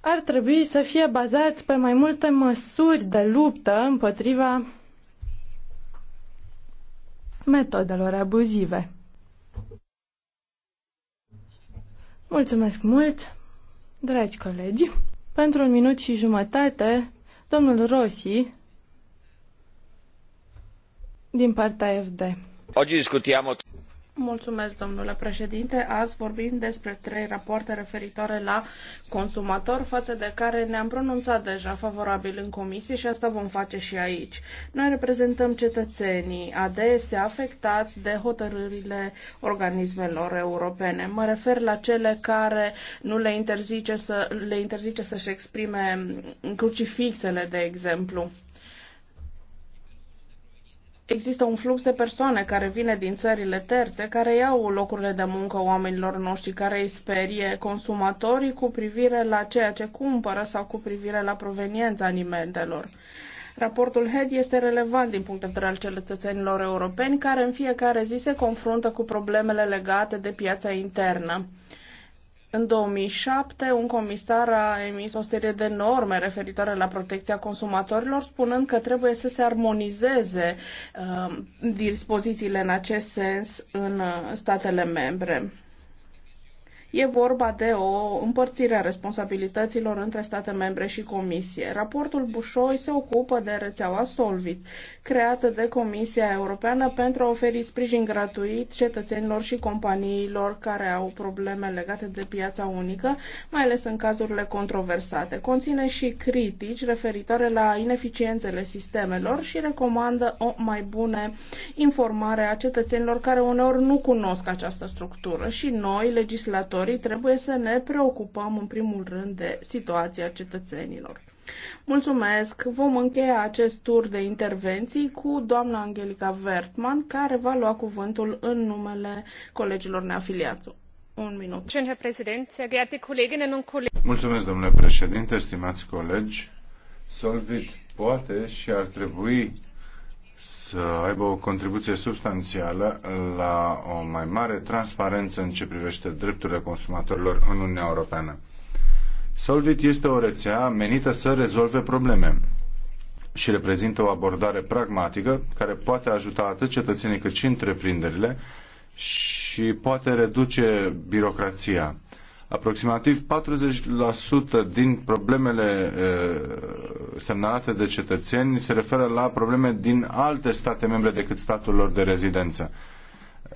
Speaker 4: ar trebui să fie bazat pe mai multe măsuri de luptă împotriva metodelor abuzive. Mulțumesc mult, dragi colegi! Pentru un minut și jumătate, domnul Rossi, din partea FD.
Speaker 5: Oggi discutiamo
Speaker 3: Mulțumesc, domnule președinte. Azi vorbim despre trei rapoarte referitoare la consumator, față de care ne-am pronunțat deja favorabil în comisie și asta vom face și aici. Noi reprezentăm cetățenii adesea afectați de hotărârile organismelor europene. Mă refer la cele care nu le interzice, să, le interzice să-și exprime crucifixele, de exemplu există un flux de persoane care vine din țările terțe, care iau locurile de muncă oamenilor noștri, care îi sperie consumatorii cu privire la ceea ce cumpără sau cu privire la proveniența alimentelor. Raportul HED este relevant din punct de vedere al cetățenilor europeni care în fiecare zi se confruntă cu problemele legate de piața internă. În 2007, un comisar a emis o serie de norme referitoare la protecția consumatorilor, spunând că trebuie să se armonizeze uh, dispozițiile în acest sens în uh, statele membre. E vorba de o împărțire a responsabilităților între state membre și comisie. Raportul Bușoi se ocupă de rețeaua Solvit, creată de Comisia Europeană pentru a oferi sprijin gratuit cetățenilor și companiilor care au probleme legate de piața unică, mai ales în cazurile controversate. Conține și critici referitoare la ineficiențele sistemelor și recomandă o mai bună informare a cetățenilor care uneori nu cunosc această structură și noi, legislatori, legiuitorii trebuie să ne preocupăm în primul rând de situația cetățenilor. Mulțumesc! Vom încheia acest tur de intervenții cu doamna Angelica Vertman, care va lua cuvântul în numele colegilor neafiliați. Un minut.
Speaker 1: Mulțumesc, domnule președinte, stimați colegi. Solvit poate și ar trebui să aibă o contribuție substanțială la o mai mare transparență în ce privește drepturile consumatorilor în Uniunea Europeană. Solvit este o rețea menită să rezolve probleme și reprezintă o abordare pragmatică care poate ajuta atât cetățenii cât și întreprinderile și poate reduce birocrația. Aproximativ 40% din problemele semnalate de cetățeni se referă la probleme din alte state membre decât statul lor de rezidență.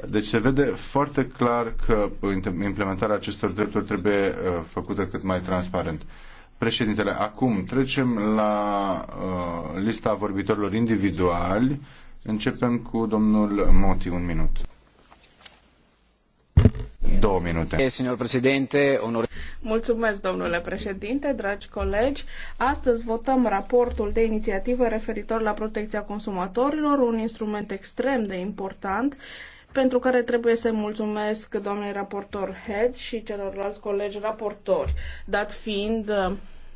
Speaker 1: Deci se vede foarte clar că implementarea acestor drepturi trebuie făcută cât mai transparent. Președintele, acum trecem la lista vorbitorilor individuali. Începem cu domnul Moti, un minut. Două președinte, onore...
Speaker 3: Mulțumesc, domnule președinte, dragi colegi. Astăzi votăm raportul de inițiativă referitor la protecția consumatorilor, un instrument extrem de important pentru care trebuie să mulțumesc domnului raportor Head și celorlalți colegi raportori, dat fiind uh,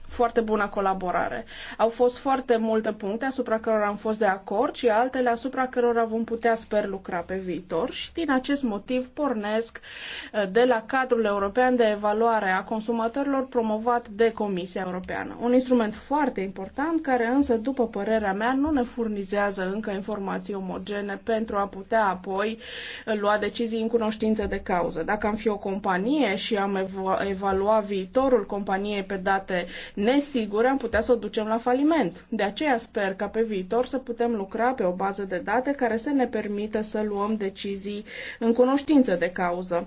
Speaker 3: foarte bună colaborare. Au fost foarte multe puncte asupra cărora am fost de acord și altele asupra cărora vom putea sper lucra pe viitor și din acest motiv pornesc uh, de la cadrul european de evaluare a consumatorilor promovat de Comisia Europeană. Un instrument foarte important care însă, după părerea mea, nu ne furnizează încă informații omogene pentru a putea apoi uh, lua decizii în cunoștință de cauză. Dacă am fi o companie și am evalua viitorul companiei pe date nesigure, am putea să o ducem la faliment. De aceea sper ca pe viitor să putem lucra pe o bază de date care să ne permită să luăm decizii în cunoștință de cauză.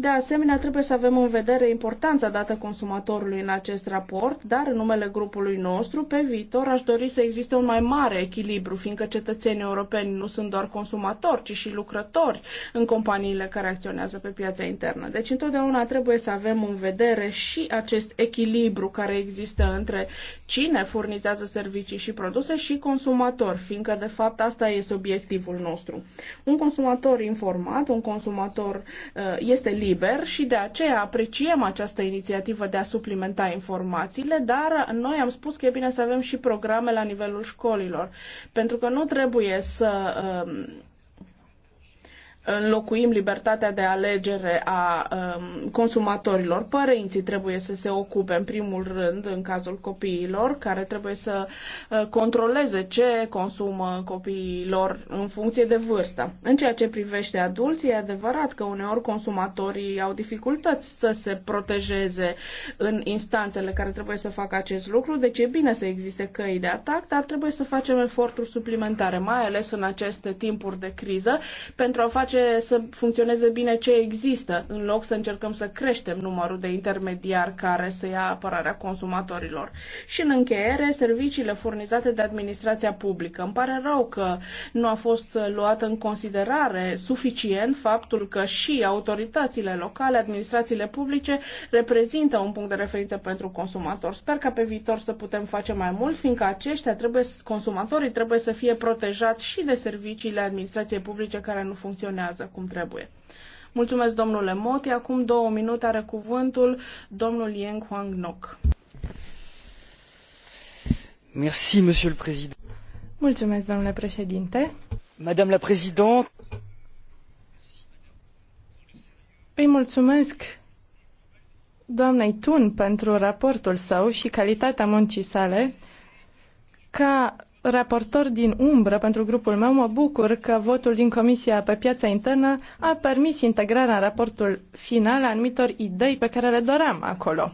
Speaker 3: De asemenea, trebuie să avem în vedere importanța dată consumatorului în acest raport, dar în numele grupului nostru, pe viitor aș dori să existe un mai mare echilibru, fiindcă cetățenii europeni nu sunt doar consumatori, ci și lucrători în companiile care acționează pe piața internă. Deci întotdeauna trebuie să avem în vedere și acest echilibru care există între cine furnizează servicii și produse și consumator, fiindcă de fapt asta este obiectivul nostru. Un consumator informat, un consumator uh, este liber, liber și de aceea apreciem această inițiativă de a suplimenta informațiile, dar noi am spus că e bine să avem și programe la nivelul școlilor, pentru că nu trebuie să um, înlocuim libertatea de alegere a um, consumatorilor. Părinții trebuie să se ocupe, în primul rând, în cazul copiilor, care trebuie să uh, controleze ce consumă copiilor în funcție de vârstă. În ceea ce privește adulții, e adevărat că uneori consumatorii au dificultăți să se protejeze în instanțele care trebuie să facă acest lucru, deci e bine să existe căi de atac, dar trebuie să facem eforturi suplimentare, mai ales în aceste timpuri de criză, pentru a face face să funcționeze bine ce există, în loc să încercăm să creștem numărul de intermediari care să ia apărarea consumatorilor. Și în încheiere, serviciile furnizate de administrația publică. Îmi pare rău că nu a fost luată în considerare suficient faptul că și autoritățile locale, administrațiile publice, reprezintă un punct de referință pentru consumator. Sper ca pe viitor să putem face mai mult, fiindcă aceștia trebuie, consumatorii trebuie să fie protejați și de serviciile administrației publice care nu funcționează funcționează cum trebuie. Mulțumesc, domnule Moti. Acum două minute are cuvântul domnul Yeng
Speaker 4: Huang Nok. Merci, monsieur le président. Mulțumesc, domnule președinte. Madame la présidente. Îi mulțumesc doamnei Tun pentru raportul său și calitatea muncii sale. Ca raportor din umbră pentru grupul meu, mă bucur că votul din Comisia pe piața internă a permis integrarea în raportul final a anumitor idei pe care le doream acolo.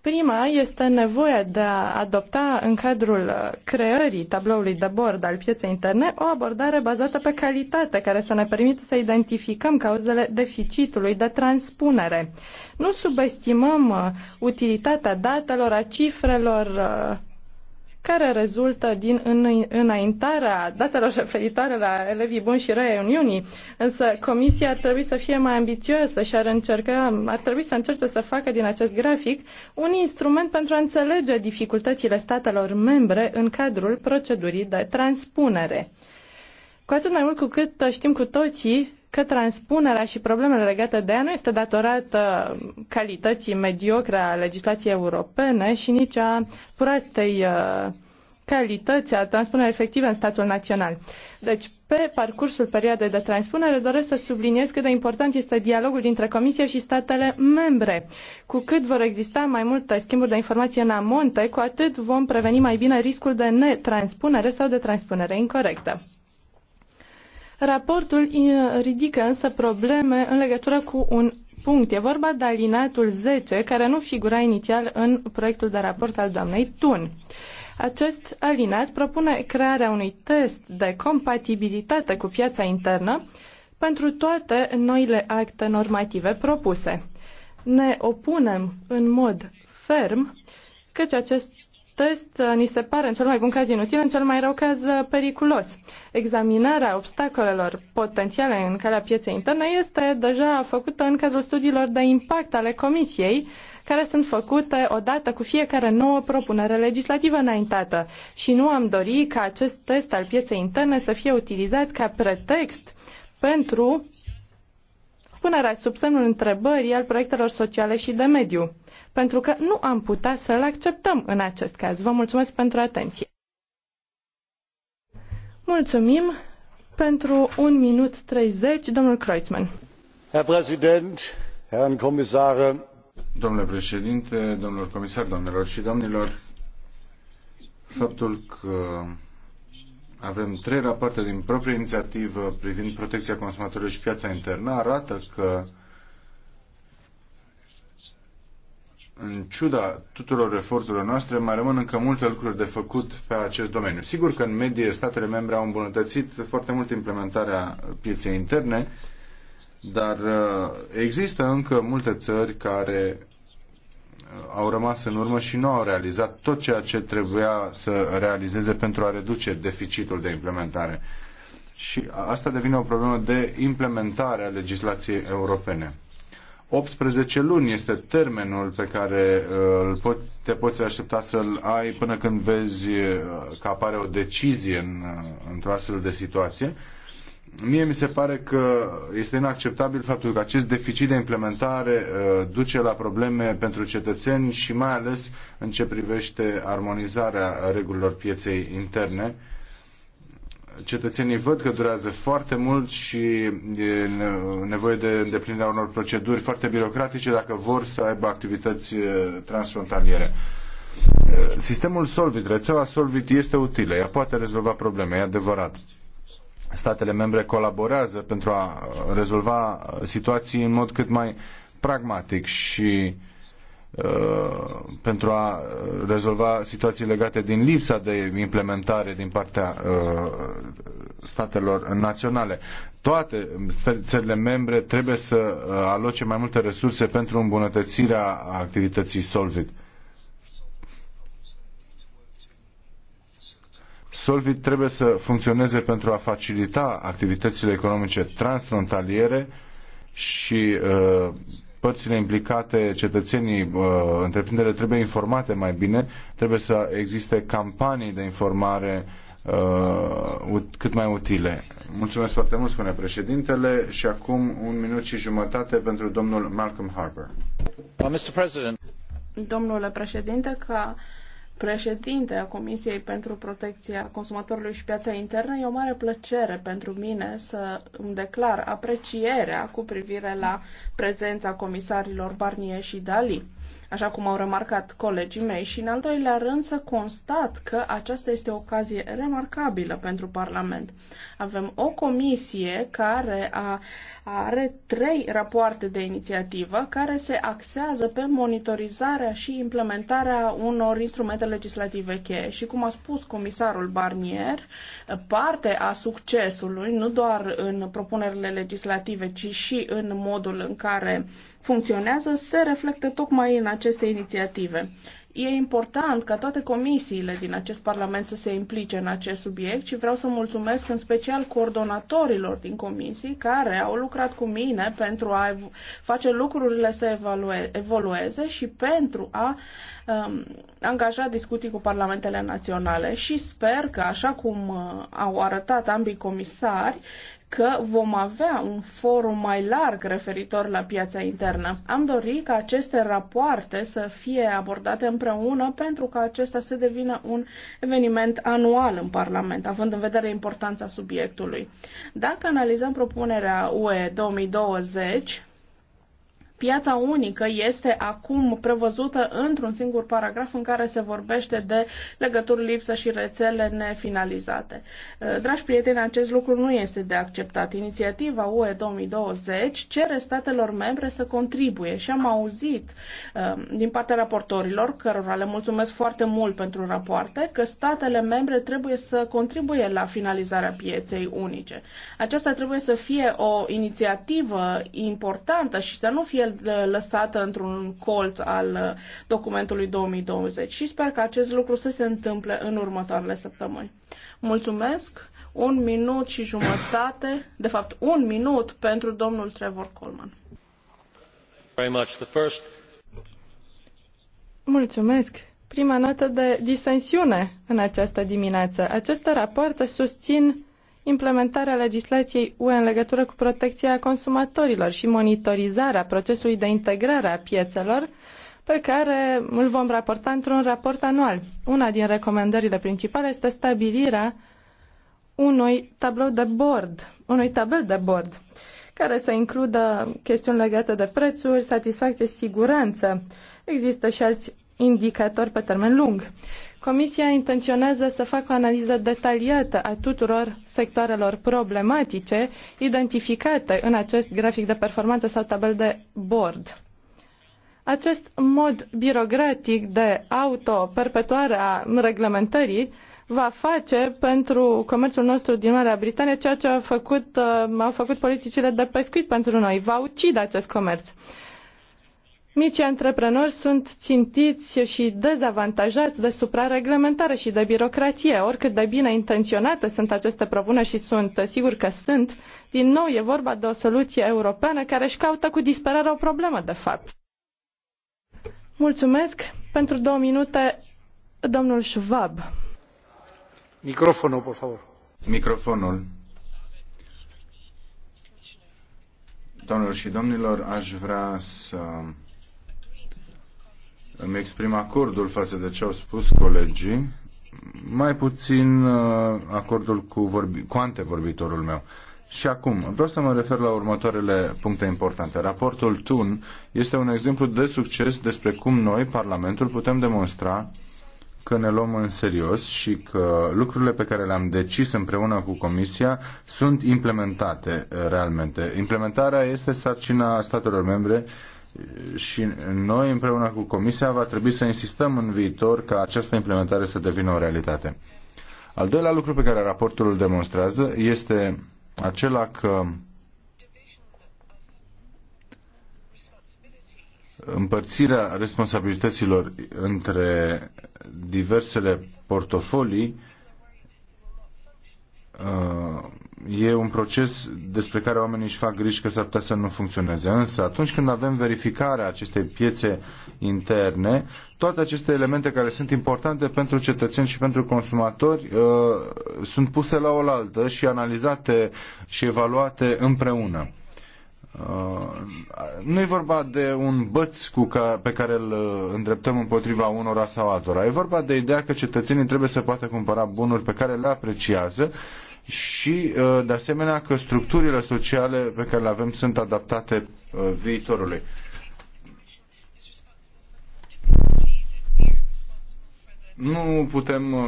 Speaker 4: Prima este nevoia de a adopta în cadrul creării tabloului de bord al pieței interne o abordare bazată pe calitate care să ne permită să identificăm cauzele deficitului de transpunere. Nu subestimăm utilitatea datelor, a cifrelor care rezultă din înaintarea datelor referitoare la elevii buni și răi Uniunii, însă Comisia ar trebui să fie mai ambițioasă și ar, încerca, ar trebui să încerce să facă din acest grafic un instrument pentru a înțelege dificultățile statelor membre în cadrul procedurii de transpunere. Cu atât mai mult cu cât știm cu toții că transpunerea și problemele legate de ea nu este datorată calității mediocre a legislației europene și nici a proastei uh, calități a transpunerii efective în statul național. Deci, pe parcursul perioadei de transpunere, doresc să subliniez cât de important este dialogul dintre Comisie și statele membre. Cu cât vor exista mai multe schimburi de informații în amonte, cu atât vom preveni mai bine riscul de netranspunere sau de transpunere incorrectă. Raportul uh, ridică însă probleme în legătură cu un punct. E vorba de alinatul 10, care nu figura inițial în proiectul de raport al doamnei Tun. Acest alinat propune crearea unui test de compatibilitate cu piața internă pentru toate noile acte normative propuse. Ne opunem în mod ferm căci acest test uh, ni se pare în cel mai bun caz inutil, în cel mai rău caz uh, periculos. Examinarea obstacolelor potențiale în calea pieței interne este deja făcută în cadrul studiilor de impact ale Comisiei, care sunt făcute odată cu fiecare nouă propunere legislativă înaintată și nu am dori ca acest test al pieței interne să fie utilizat ca pretext pentru punerea sub semnul întrebării al proiectelor sociale și de mediu pentru că nu am putea să-l acceptăm în acest caz. Vă mulțumesc pentru atenție. Mulțumim pentru un minut 30, domnul Kreuzmann.
Speaker 1: Herr Präsident, Herrn Kommissare. Domnule președinte, domnilor Comisar, domnilor și domnilor, faptul că avem trei rapoarte din proprie inițiativă privind protecția consumatorilor și piața internă arată că în ciuda tuturor eforturilor noastre, mai rămân încă multe lucruri de făcut pe acest domeniu. Sigur că, în medie, statele membre au îmbunătățit foarte mult implementarea pieței interne, dar uh, există încă multe țări care uh, au rămas în urmă și nu au realizat tot ceea ce trebuia să realizeze pentru a reduce deficitul de implementare. Și asta devine o problemă de implementare a legislației europene. 18 luni este termenul pe care uh, îl pot, te poți aștepta să-l ai până când vezi uh, că apare o decizie în, uh, într-o astfel de situație. Mie mi se pare că este inacceptabil faptul că acest deficit de implementare duce la probleme pentru cetățeni și mai ales în ce privește armonizarea regulilor pieței interne cetățenii văd că durează foarte mult și e nevoie de îndeplinirea unor proceduri foarte birocratice dacă vor să aibă activități transfrontaliere. Sistemul Solvit, rețeaua Solvit este utilă, ea poate rezolva probleme, e adevărat. Statele membre colaborează pentru a rezolva situații în mod cât mai pragmatic și Uh, pentru a rezolva situații legate din lipsa de implementare din partea uh, statelor naționale. Toate țările membre trebuie să uh, aloce mai multe resurse pentru îmbunătățirea activității Solvit. Solvit trebuie să funcționeze pentru a facilita activitățile economice transfrontaliere și uh, părțile implicate, cetățenii, uh, întreprinderile trebuie informate mai bine, trebuie să existe campanii de informare uh, cât mai utile. Mulțumesc foarte mult, spune președintele, și acum un minut și jumătate pentru domnul Malcolm Harbour. Uh,
Speaker 3: Domnule președinte, ca președinte a Comisiei pentru Protecția Consumatorului și Piața Internă, e o mare plăcere pentru mine să îmi declar aprecierea cu privire la prezența comisarilor Barnier și Dali așa cum au remarcat colegii mei, și în al doilea rând să constat că aceasta este o ocazie remarcabilă pentru Parlament. Avem o comisie care a, are trei rapoarte de inițiativă care se axează pe monitorizarea și implementarea unor instrumente legislative cheie. Și cum a spus comisarul Barnier, parte a succesului, nu doar în propunerile legislative, ci și în modul în care funcționează, se reflectă tocmai în aceste inițiative. E important ca toate comisiile din acest Parlament să se implice în acest subiect și vreau să mulțumesc în special coordonatorilor din comisii care au lucrat cu mine pentru a face lucrurile să evolueze și pentru a um, angaja discuții cu parlamentele naționale. Și sper că, așa cum uh, au arătat ambii comisari, că vom avea un forum mai larg referitor la piața internă. Am dorit ca aceste rapoarte să fie abordate împreună pentru ca acesta să devină un eveniment anual în Parlament, având în vedere importanța subiectului. Dacă analizăm propunerea UE 2020, Piața unică este acum prevăzută într-un singur paragraf în care se vorbește de legături lipsă și rețele nefinalizate. Uh, dragi prieteni, acest lucru nu este de acceptat. Inițiativa UE 2020 cere statelor membre să contribuie și am auzit uh, din partea raportorilor, cărora le mulțumesc foarte mult pentru rapoarte, că statele membre trebuie să contribuie la finalizarea pieței unice. Aceasta trebuie să fie o inițiativă importantă și să nu fie Uh, lăsată într-un colț al uh, documentului 2020 și sper că acest lucru să se întâmple în următoarele săptămâni. Mulțumesc! Un minut și jumătate, de fapt un minut pentru domnul
Speaker 4: Trevor Coleman.
Speaker 2: Very much. The first...
Speaker 4: Mulțumesc! Prima notă de disensiune în această dimineață. Aceste rapoarte susțin implementarea legislației UE în legătură cu protecția consumatorilor și monitorizarea procesului de integrare a piețelor, pe care îl vom raporta într-un raport anual. Una din recomandările principale este stabilirea unui tablou de bord, unui tabel de bord, care să includă chestiuni legate de prețuri, satisfacție, siguranță. Există și alți indicatori pe termen lung. Comisia intenționează să facă o analiză detaliată a tuturor sectoarelor problematice identificate în acest grafic de performanță sau tabel de bord. Acest mod birocratic de auto-perpetuare a reglementării va face pentru comerțul nostru din Marea Britanie ceea ce au făcut, uh, au făcut politicile de pescuit pentru noi. Va ucide acest comerț. Micii antreprenori sunt țintiți și dezavantajați de suprareglementare și de birocrație. Oricât de bine intenționate sunt aceste propuneri și sunt sigur că sunt, din nou e vorba de o soluție europeană care își caută cu disperare o problemă, de fapt. Mulțumesc. Pentru două minute, domnul Schwab.
Speaker 1: Microfonul, por favor. Microfonul. Doamnelor și domnilor, aș vrea să îmi exprim acordul față de ce au spus colegii, mai puțin uh, acordul cu, vorbi, cu antevorbitorul meu. Și acum, vreau să mă refer la următoarele puncte importante. Raportul TUN este un exemplu de succes despre cum noi, Parlamentul, putem demonstra că ne luăm în serios și că lucrurile pe care le-am decis împreună cu Comisia sunt implementate uh, realmente. Implementarea este sarcina statelor membre și noi împreună cu Comisia va trebui să insistăm în viitor ca această implementare să devină o realitate. Al doilea lucru pe care raportul îl demonstrează este acela că împărțirea responsabilităților între diversele portofolii uh, e un proces despre care oamenii își fac griji că s-ar putea să nu funcționeze. Însă, atunci când avem verificarea acestei piețe interne, toate aceste elemente care sunt importante pentru cetățeni și pentru consumatori uh, sunt puse la oaltă și analizate și evaluate împreună. Uh, nu e vorba de un băț cu ca, pe care îl uh, îndreptăm împotriva unora sau altora. E vorba de ideea că cetățenii trebuie să poată cumpăra bunuri pe care le apreciază și, uh, de asemenea, că structurile sociale pe care le avem sunt adaptate uh, viitorului. Nu putem uh,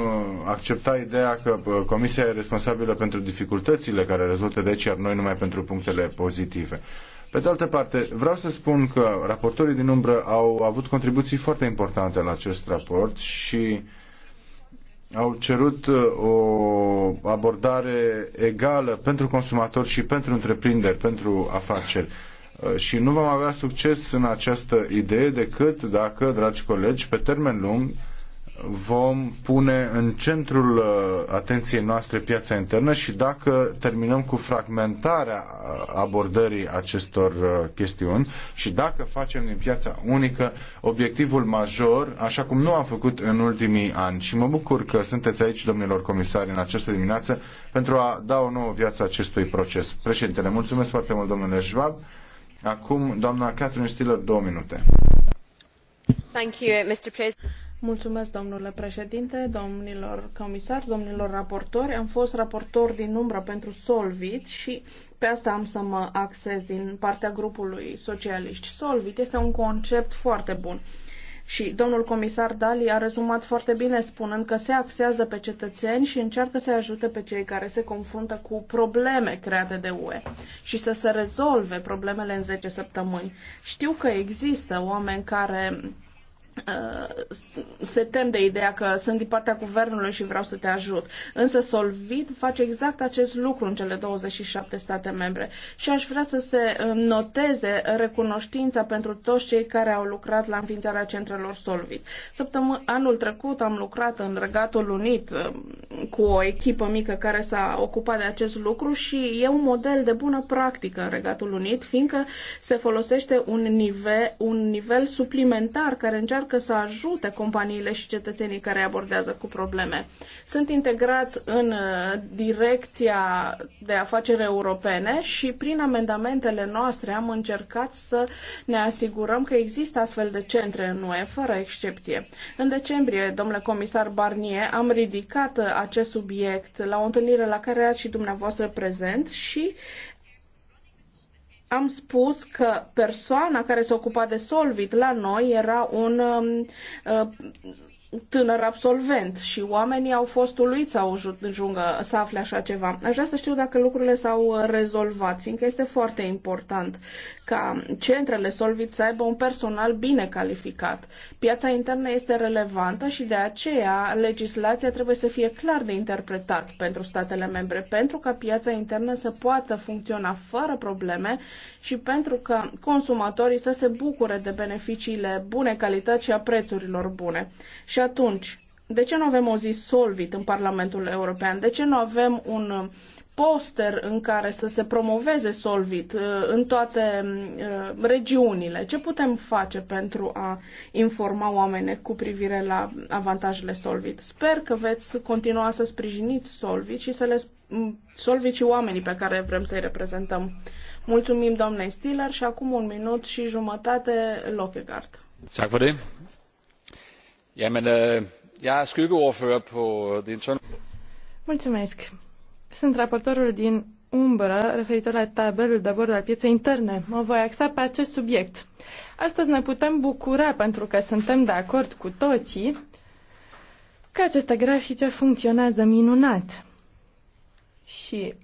Speaker 1: accepta ideea că Comisia e responsabilă pentru dificultățile care rezultă de aici, iar noi numai pentru punctele pozitive. Pe de altă parte, vreau să spun că raportorii din umbră au avut contribuții foarte importante la acest raport și au cerut uh, o abordare egală pentru consumatori și pentru întreprinderi, pentru afaceri. Uh, și nu vom avea succes în această idee decât dacă, dragi colegi, pe termen lung, vom pune în centrul uh, atenției noastre piața internă și dacă terminăm cu fragmentarea uh, abordării acestor uh, chestiuni și dacă facem din piața unică obiectivul major, așa cum nu am făcut în ultimii ani. Și mă bucur că sunteți aici, domnilor comisari, în această dimineață pentru a da o nouă viață acestui proces. Președintele, mulțumesc foarte mult, domnule Schwab. Acum, doamna Catherine Stiller, două minute.
Speaker 3: Thank you, Mr. President. Mulțumesc, domnule președinte, domnilor comisari, domnilor raportori. Am fost raportor din umbră pentru Solvit și pe asta am să mă axez din partea grupului socialiști. Solvit este un concept foarte bun. Și domnul comisar Dali a rezumat foarte bine spunând că se axează pe cetățeni și încearcă să ajute pe cei care se confruntă cu probleme create de UE și să se rezolve problemele în 10 săptămâni. Știu că există oameni care Uh, se tem de ideea că sunt din partea guvernului și vreau să te ajut. Însă Solvit face exact acest lucru în cele 27 state membre și aș vrea să se uh, noteze recunoștința pentru toți cei care au lucrat la înființarea centrelor Solvit. Săptămâ- anul trecut am lucrat în Regatul Unit uh, cu o echipă mică care s-a ocupat de acest lucru și e un model de bună practică în Regatul Unit, fiindcă se folosește un nivel, un nivel suplimentar care încearcă încearcă să ajute companiile și cetățenii care abordează cu probleme. Sunt integrați în uh, direcția de afaceri europene și prin amendamentele noastre am încercat să ne asigurăm că există astfel de centre în UE, fără excepție. În decembrie, domnule comisar Barnier, am ridicat uh, acest subiect la o întâlnire la care ați și dumneavoastră prezent și am spus că persoana care se ocupa de Solvit la noi era un um, uh, tânăr absolvent și oamenii au fost uluiți să ajungă să afle așa ceva. Aș vrea să știu dacă lucrurile s-au uh, rezolvat, fiindcă este foarte important ca centrele Solvit să aibă un personal bine calificat Piața internă este relevantă și de aceea legislația trebuie să fie clar de interpretat pentru statele membre, pentru ca piața internă să poată funcționa fără probleme și pentru ca consumatorii să se bucure de beneficiile bune calități și a prețurilor bune. Și atunci, de ce nu avem o zi solvit în Parlamentul European? De ce nu avem un uh, poster în care să se promoveze Solvit uh, în toate uh, regiunile. Ce putem face pentru a informa oamenii cu privire la avantajele Solvit? Sper că veți continua să sprijiniți Solvit și să le Solvit și oamenii pe care vrem să-i reprezentăm. Mulțumim doamnei Stiller și acum un minut și jumătate Lockegaard.
Speaker 2: Tak for det.
Speaker 5: Jamen, øh, jeg er skyggeordfører på øh, det er
Speaker 4: Mulțumesc. Sunt raportorul din umbră referitor la tabelul de bord al pieței interne. Mă voi axa pe acest subiect. Astăzi ne putem bucura pentru că suntem de acord cu toții că aceste grafice funcționează minunat. Și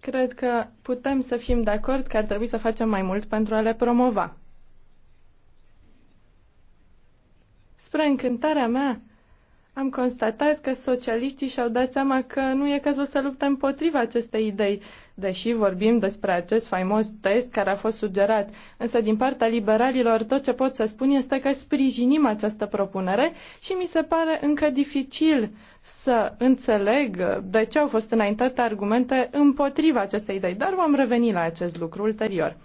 Speaker 4: cred că putem să fim de acord că ar trebui să facem mai mult pentru a le promova. Spre încântarea mea, am constatat că socialiștii și-au dat seama că nu e cazul să luptăm împotriva acestei idei, deși vorbim despre acest faimos test care a fost sugerat. Însă din partea liberalilor tot ce pot să spun este că sprijinim această propunere și mi se pare încă dificil să înțeleg de ce au fost înaintate argumente împotriva acestei idei, dar vom reveni la acest lucru ulterior.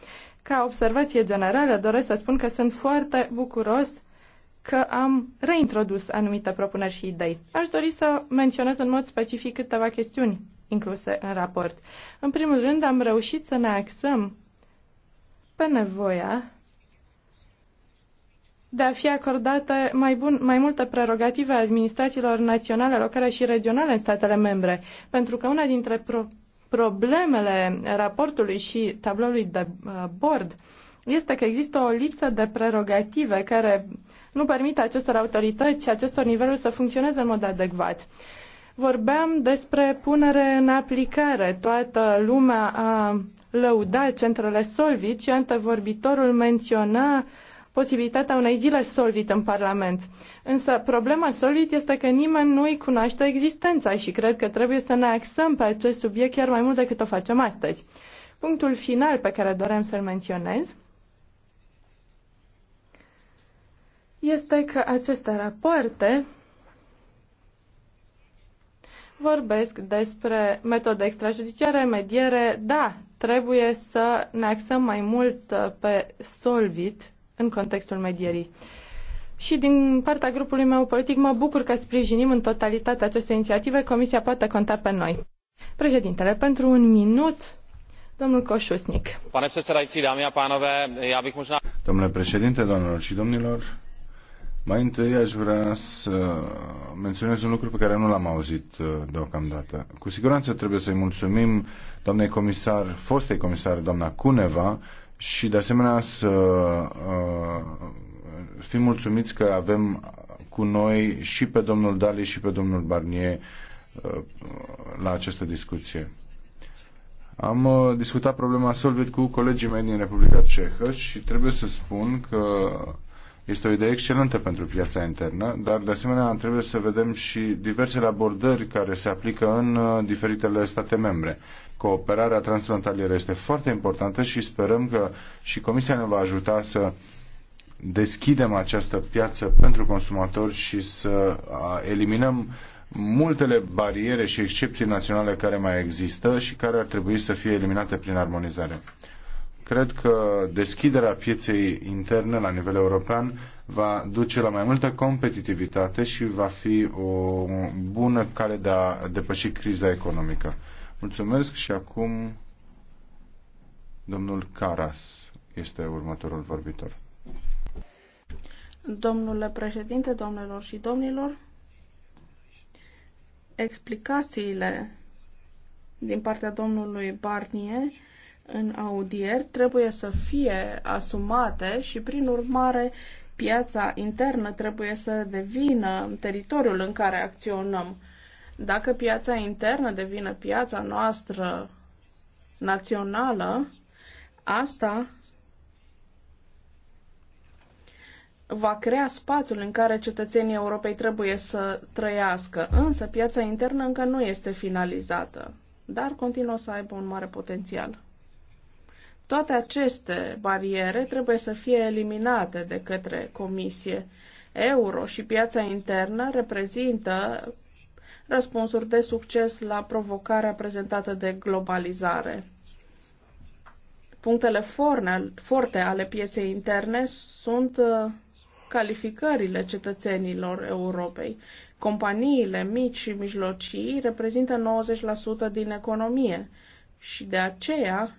Speaker 4: Ca observație generală doresc să spun că sunt foarte bucuros că am reintrodus anumite propuneri și idei. Aș dori să menționez în mod specific câteva chestiuni incluse în raport. În primul rând, am reușit să ne axăm pe nevoia de a fi acordate mai, bun, mai multe prerogative administrațiilor naționale, locale și regionale în statele membre, pentru că una dintre pro- problemele raportului și tabloului de uh, bord este că există o lipsă de prerogative care nu permite acestor autorități, și acestor niveluri să funcționeze în mod adecvat. Vorbeam despre punere în aplicare. Toată lumea a lăudat centrele Solvit și antevorbitorul menționa posibilitatea unei zile Solvit în Parlament. Însă problema Solvit este că nimeni nu îi cunoaște existența și cred că trebuie să ne axăm pe acest subiect chiar mai mult decât o facem astăzi. Punctul final pe care doream să-l menționez este că aceste rapoarte vorbesc despre metode extrajudiciare, mediere. Da, trebuie să ne axăm mai mult uh, pe Solvit în contextul medierii. Și din partea grupului meu politic mă bucur că sprijinim în totalitate aceste inițiative. Comisia poate conta pe noi. Președintele, pentru un minut, domnul Coșusnic.
Speaker 2: Pane a
Speaker 1: Domnule președinte, doamnelor și domnilor, mai întâi aș vrea să menționez un lucru pe care nu l-am auzit uh, deocamdată. Cu siguranță trebuie să-i mulțumim doamnei comisar, fostei comisar, doamna Cuneva, și de asemenea să uh, fim mulțumiți că avem cu noi și pe domnul Dali și pe domnul Barnier uh, la această discuție. Am uh, discutat problema Solvit cu colegii mei din Republica Cehă și trebuie să spun că uh, este o idee excelentă pentru piața internă, dar de asemenea trebuie să vedem și diversele abordări care se aplică în uh, diferitele state membre. Cooperarea transfrontalieră este foarte importantă și sperăm că și Comisia ne va ajuta să deschidem această piață pentru consumatori și să eliminăm multele bariere și excepții naționale care mai există și care ar trebui să fie eliminate prin armonizare. Cred că deschiderea pieței interne la nivel european va duce la mai multă competitivitate și va fi o bună cale de a depăși criza economică. Mulțumesc și acum domnul Caras este următorul vorbitor.
Speaker 3: Domnule președinte, domnilor și domnilor, explicațiile din partea domnului Barnier în audier trebuie să fie asumate și, prin urmare, piața internă trebuie să devină teritoriul în care acționăm. Dacă piața internă devine piața noastră națională, asta va crea spațiul în care cetățenii Europei trebuie să trăiască, însă piața internă încă nu este finalizată, dar continuă să aibă un mare potențial. Toate aceste bariere trebuie să fie eliminate de către Comisie. Euro și piața internă reprezintă răspunsuri de succes la provocarea prezentată de globalizare. Punctele forte ale pieței interne sunt uh, calificările cetățenilor Europei. Companiile mici și mijlocii reprezintă 90% din economie și de aceea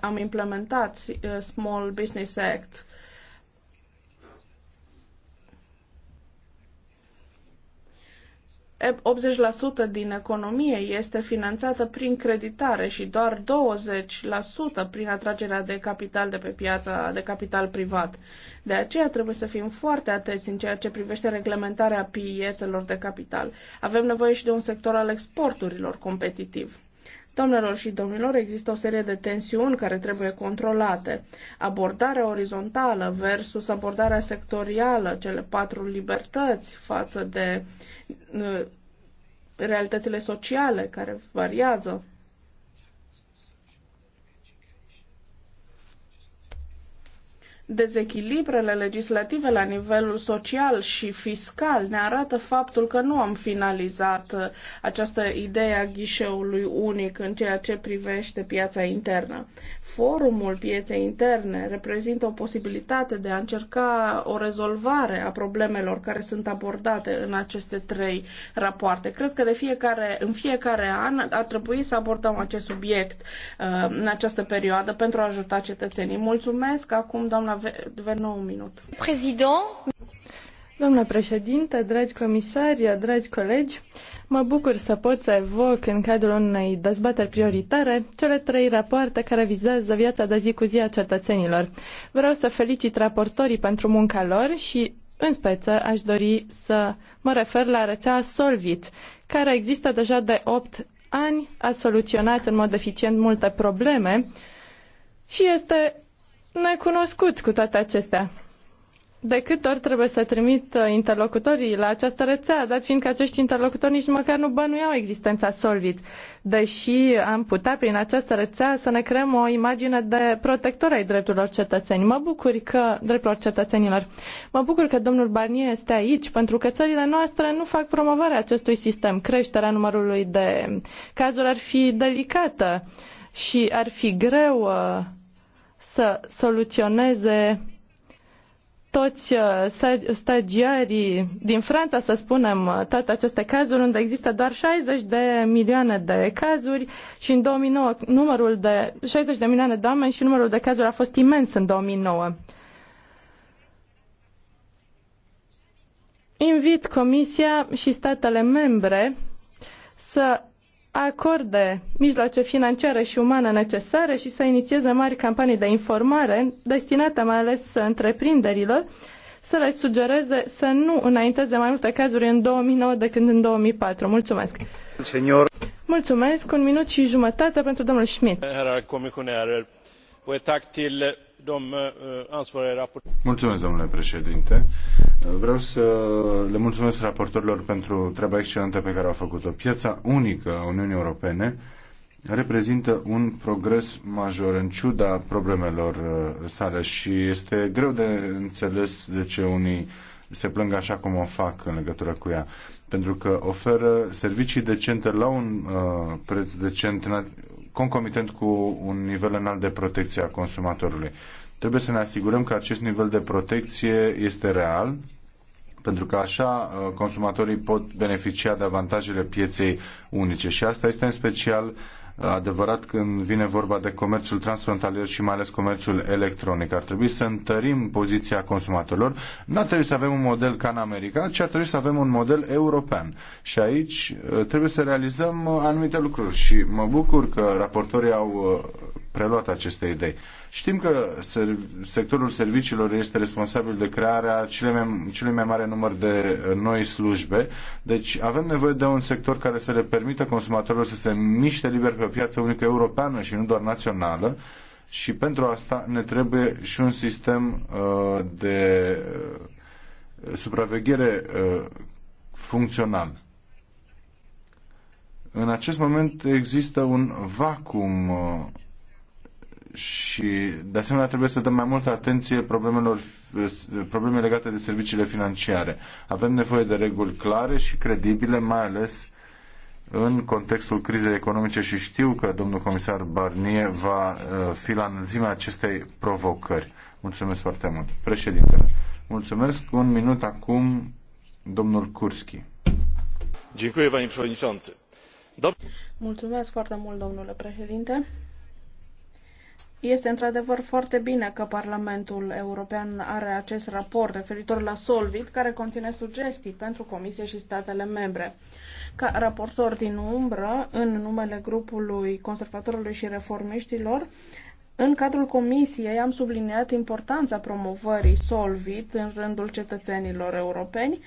Speaker 3: am implementat uh, Small Business Act. E 80% din economie este finanțată prin creditare și doar 20% prin atragerea de capital de pe piața de capital privat. De aceea trebuie să fim foarte atenți în ceea ce privește reglementarea piețelor de capital. Avem nevoie și de un sector al exporturilor competitiv. Domnilor și domnilor, există o serie de tensiuni care trebuie controlate. Abordarea orizontală versus abordarea sectorială, cele patru libertăți față de uh, realitățile sociale care variază Dezechilibrele legislative la nivelul social și fiscal ne arată faptul că nu am finalizat uh, această idee a ghișeului unic în ceea ce privește piața internă. Forumul pieței interne reprezintă o posibilitate de a încerca o rezolvare a problemelor care sunt abordate în aceste trei rapoarte. Cred că de fiecare, în fiecare an ar trebui să abordăm acest subiect uh, în această perioadă pentru a ajuta cetățenii. Mulțumesc acum doamna avem minut.
Speaker 5: Prezident.
Speaker 4: Domnule președinte, dragi comisari, dragi colegi, mă bucur să pot să evoc în cadrul unei dezbateri prioritare cele trei rapoarte care vizează viața de zi cu zi a cetățenilor. Vreau să felicit raportorii pentru munca lor și în speță aș dori să mă refer la rețeaua Solvit, care există deja de 8 ani, a soluționat în mod eficient multe probleme și este necunoscut cu toate acestea. De câte ori trebuie să trimit uh, interlocutorii la această rețea, dat fiindcă acești interlocutori nici măcar nu bănuiau existența Solvit, deși am putea prin această rețea să ne creăm o imagine de protector ai drepturilor cetățeni. Mă bucur că, drepturilor cetățenilor, mă bucur că domnul Barnier este aici, pentru că țările noastre nu fac promovarea acestui sistem. Creșterea numărului de cazuri ar fi delicată și ar fi greu uh, să soluționeze toți uh, stagiarii din Franța, să spunem, uh, toate aceste cazuri, unde există doar 60 de milioane de cazuri și în 2009 numărul de 60 de milioane de oameni și numărul de cazuri a fost imens în 2009. Invit Comisia și statele membre să acorde mijloace financiare și umane necesare și să inițieze mari campanii de informare destinate mai ales întreprinderilor, să le sugereze să nu înainteze mai multe cazuri în 2009 decât în 2004. Mulțumesc! Senior. Mulțumesc! Un minut și jumătate pentru domnul Schmidt.
Speaker 5: tack till
Speaker 1: Mulțumesc, domnule președinte. Vreau să le mulțumesc raportorilor pentru treaba excelentă pe care au făcut-o. Piața unică a Uniunii Europene reprezintă un progres major în ciuda problemelor uh, sale și este greu de înțeles de ce unii se plâng așa cum o fac în legătură cu ea. Pentru că oferă servicii decente la un uh, preț decent concomitent cu un nivel înalt de protecție a consumatorului. Trebuie să ne asigurăm că acest nivel de protecție este real, pentru că așa uh, consumatorii pot beneficia de avantajele pieței unice și asta este în special uh, adevărat când vine vorba de comerțul transfrontalier și mai ales comerțul electronic. Ar trebui să întărim poziția consumatorilor. Nu ar trebui să avem un model ca în America, ci ar trebui să avem un model european. Și aici uh, trebuie să realizăm uh, anumite lucruri și mă bucur că raportorii au uh, preluat aceste idei. Știm că sectorul serviciilor este responsabil de crearea cele mai, cele mai mare număr de uh, noi slujbe, deci avem nevoie de un sector care să le permită consumatorilor să se miște liber pe piața unică europeană și nu doar națională și pentru asta ne trebuie și un sistem uh, de uh, supraveghere uh, funcțional. În acest moment există un vacuum uh, și de asemenea trebuie să dăm mai multă atenție problemelor, probleme legate de serviciile financiare. Avem nevoie de reguli clare și credibile, mai ales în contextul crizei economice și știu că domnul comisar Barnier va uh, fi la înălțimea acestei provocări. Mulțumesc foarte mult. Președintele, mulțumesc. Un minut acum, domnul Kurski.
Speaker 3: Mulțumesc foarte mult, domnule președinte. Este într-adevăr foarte bine că Parlamentul European are acest raport referitor la Solvit, care conține sugestii pentru Comisie și statele membre. Ca raportor din umbră, în numele grupului conservatorului și reformiștilor, în cadrul comisiei am subliniat importanța promovării Solvit în rândul cetățenilor europeni,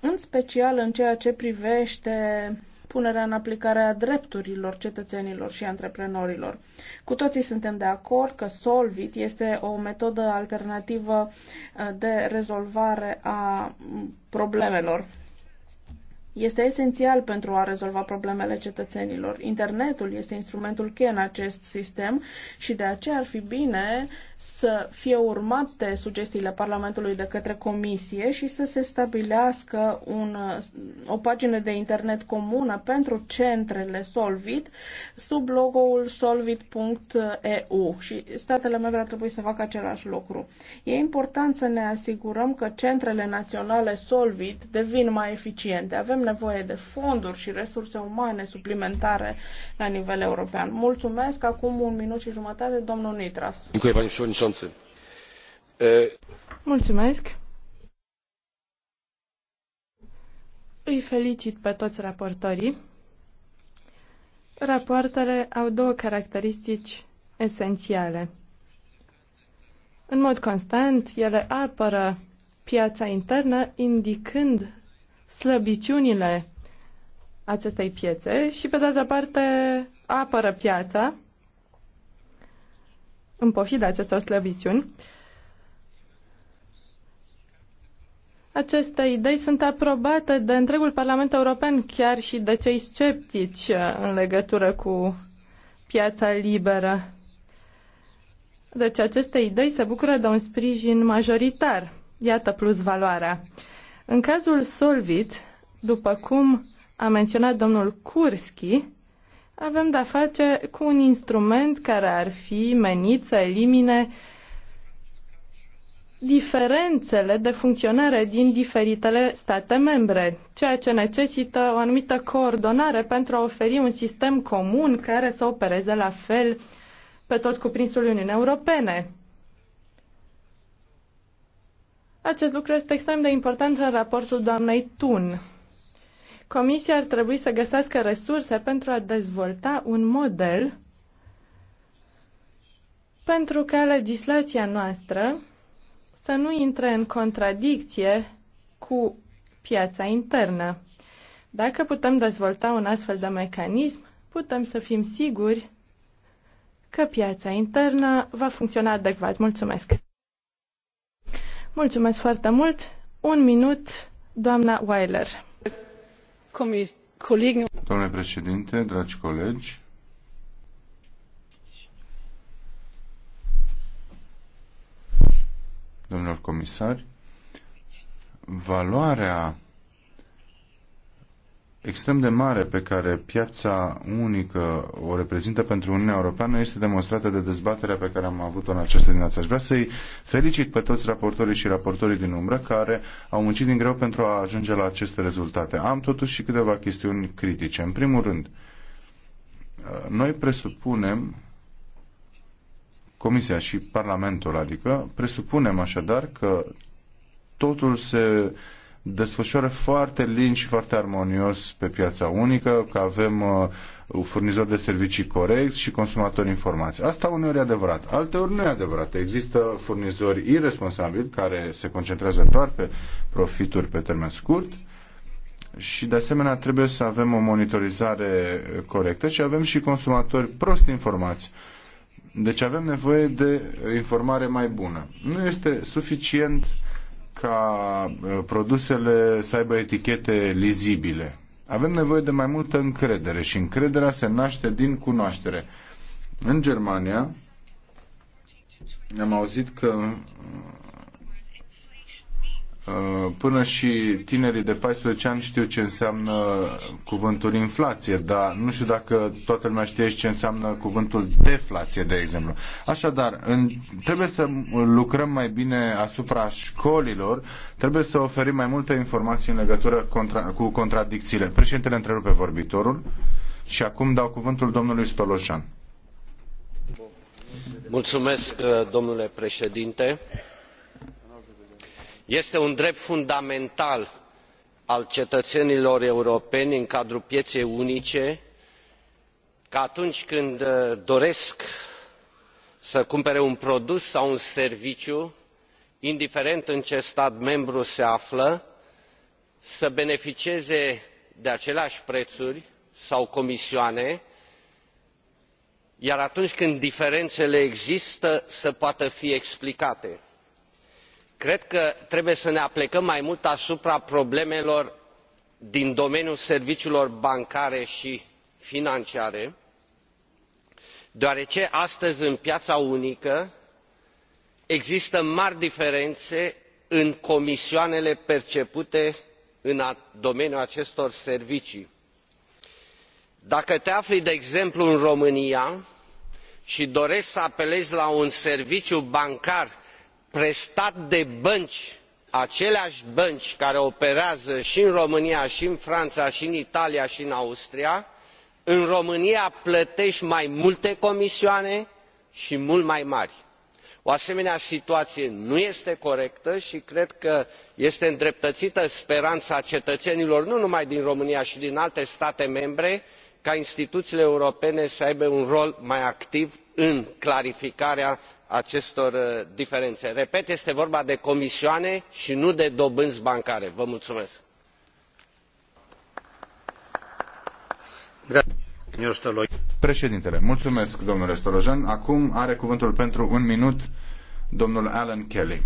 Speaker 3: în special în ceea ce privește punerea în aplicare a drepturilor cetățenilor și antreprenorilor. Cu toții suntem de acord că Solvit este o metodă alternativă uh, de rezolvare a problemelor este esențial pentru a rezolva problemele cetățenilor. Internetul este instrumentul cheie în acest sistem și de aceea ar fi bine să fie urmate sugestiile Parlamentului de către Comisie și să se stabilească un, o pagină de internet comună pentru centrele Solvit sub logo-ul solvit.eu și statele membre ar trebui să facă același lucru. E important să ne asigurăm că centrele naționale Solvit devin mai eficiente. Avem nevoie de fonduri și resurse umane suplimentare la nivel european. Mulțumesc. Acum un minut și jumătate, domnul
Speaker 4: Nitras. Dziękuję, panie Mulțumesc. Îi felicit pe toți raportorii. Rapoartele au două caracteristici esențiale. În mod constant, ele apără piața internă, indicând slăbiciunile acestei piețe și, pe de altă parte, apără piața, în pofida acestor slăbiciuni, aceste idei sunt aprobate de întregul Parlament European, chiar și de cei sceptici uh, în legătură cu piața liberă. Deci aceste idei se bucură de un sprijin majoritar. Iată plus valoarea. În cazul Solvit, după cum a menționat domnul Kurski, avem de-a face cu un instrument care ar fi menit să elimine diferențele de funcționare din diferitele state membre, ceea ce necesită o anumită coordonare pentru a oferi un sistem comun care să opereze la fel pe tot cuprinsul Uniunii Europene. Acest lucru este extrem de important în raportul doamnei Tun. Comisia ar trebui să găsească resurse pentru a dezvolta un model pentru ca legislația noastră să nu intre în contradicție cu piața internă. Dacă putem dezvolta un astfel de mecanism, putem să fim siguri că piața internă va funcționa adecvat. Mulțumesc! Mulțumesc foarte mult! Un minut, doamna Weiler.
Speaker 1: Domnule președinte, dragi colegi, domnilor comisari, valoarea extrem de mare pe care piața unică o reprezintă pentru Uniunea Europeană este demonstrată de dezbaterea pe care am avut-o în această dimineață. Aș vrea să-i felicit pe toți raportorii și raportorii din umbră care au muncit din greu pentru a ajunge la aceste rezultate. Am totuși și câteva chestiuni critice. În primul rând, noi presupunem Comisia și Parlamentul, adică presupunem așadar că totul se desfășoară foarte lin și foarte armonios pe piața unică, că avem uh, furnizori de servicii corecți și consumatori informați. Asta uneori e adevărat, alteori nu e adevărat. Există furnizori irresponsabili care se concentrează doar pe profituri pe termen scurt și de asemenea trebuie să avem o monitorizare corectă și avem și consumatori prost informați. Deci avem nevoie de informare mai bună. Nu este suficient uh, ca uh, produsele să aibă etichete lizibile. Avem nevoie de mai multă încredere și încrederea se naște din cunoaștere. În Germania am auzit că Uh, până și tinerii de 14 ani știu ce înseamnă cuvântul inflație, dar nu știu dacă toată lumea știe ce înseamnă cuvântul deflație, de exemplu. Așadar, în, trebuie să lucrăm mai bine asupra școlilor, trebuie să oferim mai multe informații în legătură contra, cu contradicțiile. Președintele întrerupe vorbitorul și acum dau cuvântul domnului Stoloșan.
Speaker 5: Mulțumesc, domnule președinte este un drept fundamental al cetăenilor europeni în cadrul pieei unice ca atunci când uh, doresc să cumpere un produs sau un serviciu indiferent în ce stat membru se află să beneficieze de aceleai preuri sau comisioane iar atunci când diferenele există să poată fi explicate cred că trebuie să ne aplecăm mai mult asupra problemelor din domeniul serviciilor bancare i financiare deoarece astăzi în piaa unică există mari diferene în comisioanele percepute în domeniul acestor servicii. dacă te afli de exemplu în românia i doreti să apelezi la un serviciu bancar prestat de bănci aceleai bănci care operează i în românia i în frana i în italia i în austria în românia plăteti mai multe comisioane i mult mai mari. o asemenea situaie nu este corectă i cred că este îndreptăită sperana cetăenilor nu numai din românia i din alte state membre ca instituiile europene să aibă un rol mai activ în clarificarea acestor uh, diferene. repet este vorba de comisioane i nu de dobânzi bancare. vă
Speaker 1: domnule acum are cuvântul pentru un minut domnul Alan Kelly.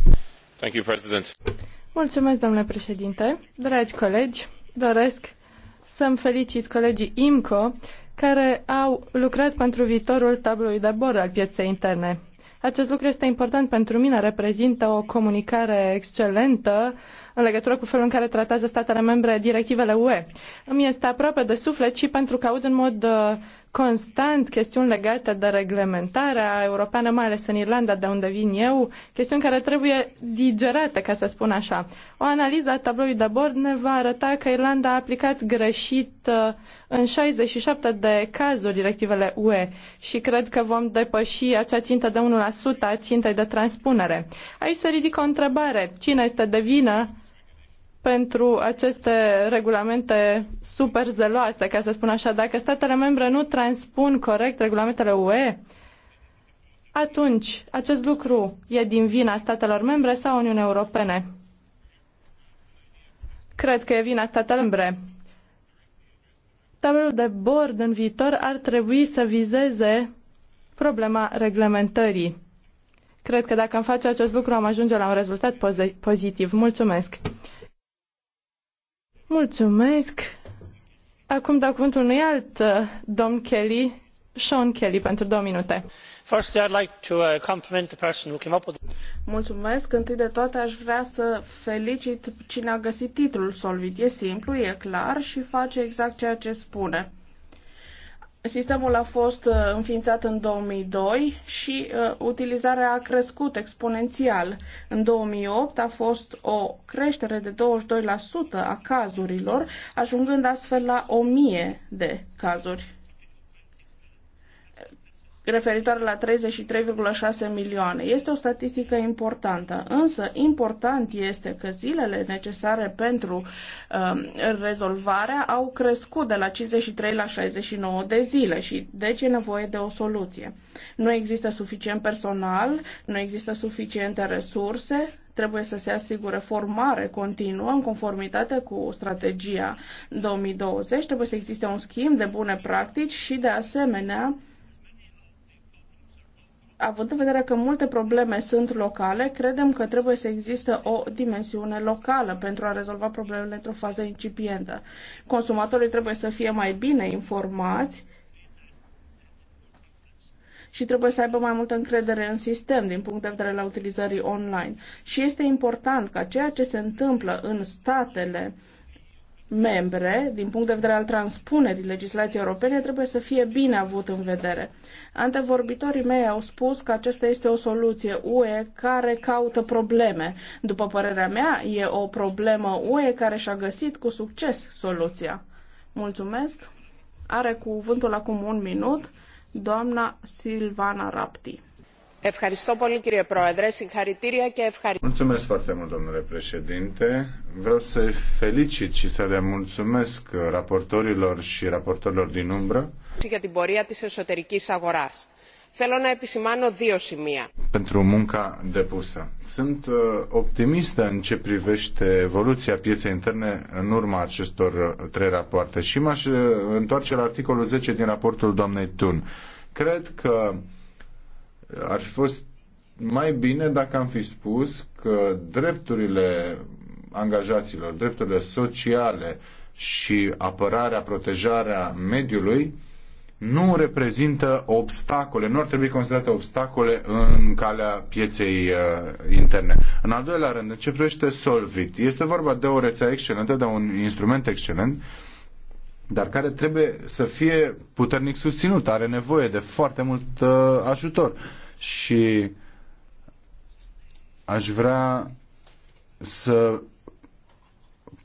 Speaker 4: Mulțumesc, domnule președinte. Dragi colegi, doresc să-mi felicit colegii IMCO care au lucrat pentru viitorul tablului de bord al pieței interne. Acest lucru este important pentru mine, reprezintă o comunicare excelentă în legătură cu felul în care tratează statele membre directivele UE. Îmi este aproape de suflet și pentru că aud în mod uh, constant chestiuni legate de reglementarea europeană, mai ales în Irlanda, de unde vin eu, chestiuni care trebuie digerate, ca să spun așa. O analiză a tabloului de bord ne va arăta că Irlanda a aplicat greșit uh, în 67 de cazuri directivele UE și cred că vom depăși acea țintă de 1% a țintei de transpunere. Aici se ridică o întrebare. Cine este de vină pentru aceste regulamente super zeloase, ca să spun așa. Dacă statele membre nu transpun corect regulamentele UE, atunci acest lucru e din vina statelor membre sau Uniunii Europene? Cred că e vina statelor membre. Tabelul de bord în viitor ar trebui să vizeze problema reglementării. Cred că dacă am face acest lucru am ajunge la un rezultat pozitiv. Mulțumesc! Mulțumesc. Acum dau cuvântul unui alt uh, domn Kelly, Sean Kelly, pentru două minute.
Speaker 2: Firstly, I'd like to uh, compliment the person who came up with
Speaker 4: Mulțumesc. Întâi de toate aș
Speaker 3: vrea să
Speaker 4: felicit
Speaker 3: cine a găsit titlul Solvit. E simplu, e clar și face exact ceea ce spune. Sistemul a fost uh, înființat în 2002 și uh, utilizarea a crescut exponențial. În 2008 a fost o creștere de 22% a cazurilor, ajungând astfel la 1000 de cazuri referitoare la 33,6 milioane. Este o statistică importantă, însă important este că zilele necesare pentru uh, um, rezolvarea au crescut de la 53 la 69 de zile și deci e nevoie de o soluție. Nu există suficient personal, nu există suficiente resurse, trebuie să se asigure formare continuă în conformitate cu strategia 2020, trebuie să existe un schimb de bune practici și de asemenea având în vedere că multe probleme sunt locale, credem că trebuie să există o dimensiune locală pentru a rezolva problemele într-o fază incipientă. Consumatorii trebuie să fie mai bine informați și trebuie să aibă mai multă încredere în sistem din punct de vedere la utilizării online. Și este important ca ceea ce se întâmplă în statele uh, membre, din punct de vedere al transpunerii legislației europene, trebuie să fie bine avut în vedere. Antevorbitorii mei au spus că acesta este o soluție UE care caută probleme. După părerea mea, e o problemă UE care și-a găsit cu succes soluția. Mulțumesc. Are cuvântul acum un minut doamna Silvana Rapti. Mulțumesc
Speaker 1: foarte mult, domnule președinte. Vreau să felicit și să le mulțumesc raportorilor și raportorilor din umbră pentru munca depusă. Sunt uh, optimist în ce privește evoluția pieței interne în urma acestor uh, trei rapoarte și m-aș uh, întoarce la articolul zece din raportul doamnei Thun. Cred că ar fi fost mai bine dacă am fi spus că drepturile angajaților, drepturile sociale și apărarea, protejarea mediului nu reprezintă obstacole, nu ar trebui considerate obstacole în calea pieței uh, interne. În al doilea rând, în ce privește Solvit, este vorba de o rețea excelentă, de un instrument excelent, dar care trebuie să fie puternic susținut, are nevoie de foarte mult uh, ajutor. Uh, și aș vrea să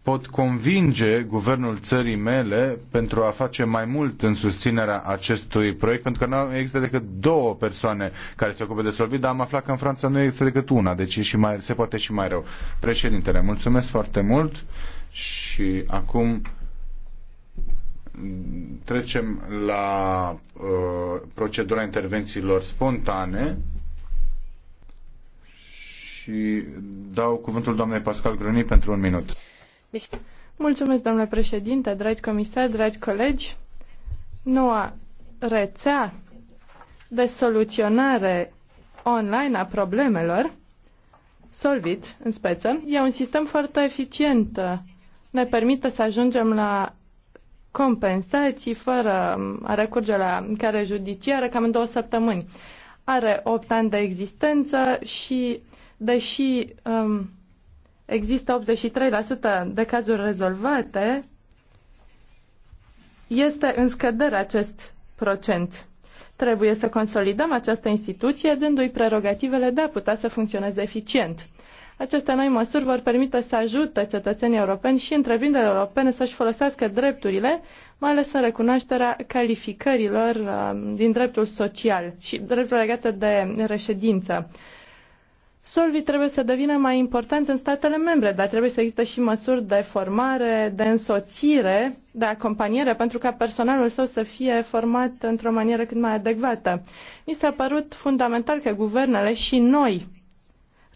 Speaker 1: pot convinge guvernul țării mele pentru a face mai mult în susținerea acestui proiect, pentru că nu există decât două persoane care se ocupe de Solvit, dar am aflat că în Franța nu există decât una, deci și mai, se poate și mai rău. Președintele, mulțumesc foarte mult și acum trecem la uh, procedura intervențiilor spontane și dau cuvântul doamnei Pascal Grăni pentru un minut.
Speaker 4: Mulțumesc, domnule președinte, dragi comisari, dragi colegi. Noua rețea de soluționare online a problemelor, Solvit în speță, e un sistem foarte eficient. Ne permite să ajungem la compensații fără a recurge la care judiciară cam în două săptămâni. Are 8 ani de existență și deși um, există 83% de cazuri rezolvate, este în scădere acest procent. Trebuie să consolidăm această instituție, dându-i prerogativele de a putea să funcționeze eficient. Aceste noi măsuri vor permite să ajute cetățenii europeni și întreprinderile europene să-și folosească drepturile, mai ales în recunoașterea calificărilor uh, din dreptul social și dreptul legate de reședință. Solvi trebuie să devină mai important în statele membre, dar trebuie să existe și măsuri de formare, de însoțire, de acompaniere, pentru ca personalul său să fie format într-o manieră cât mai adecvată. Mi s-a părut fundamental că guvernele și noi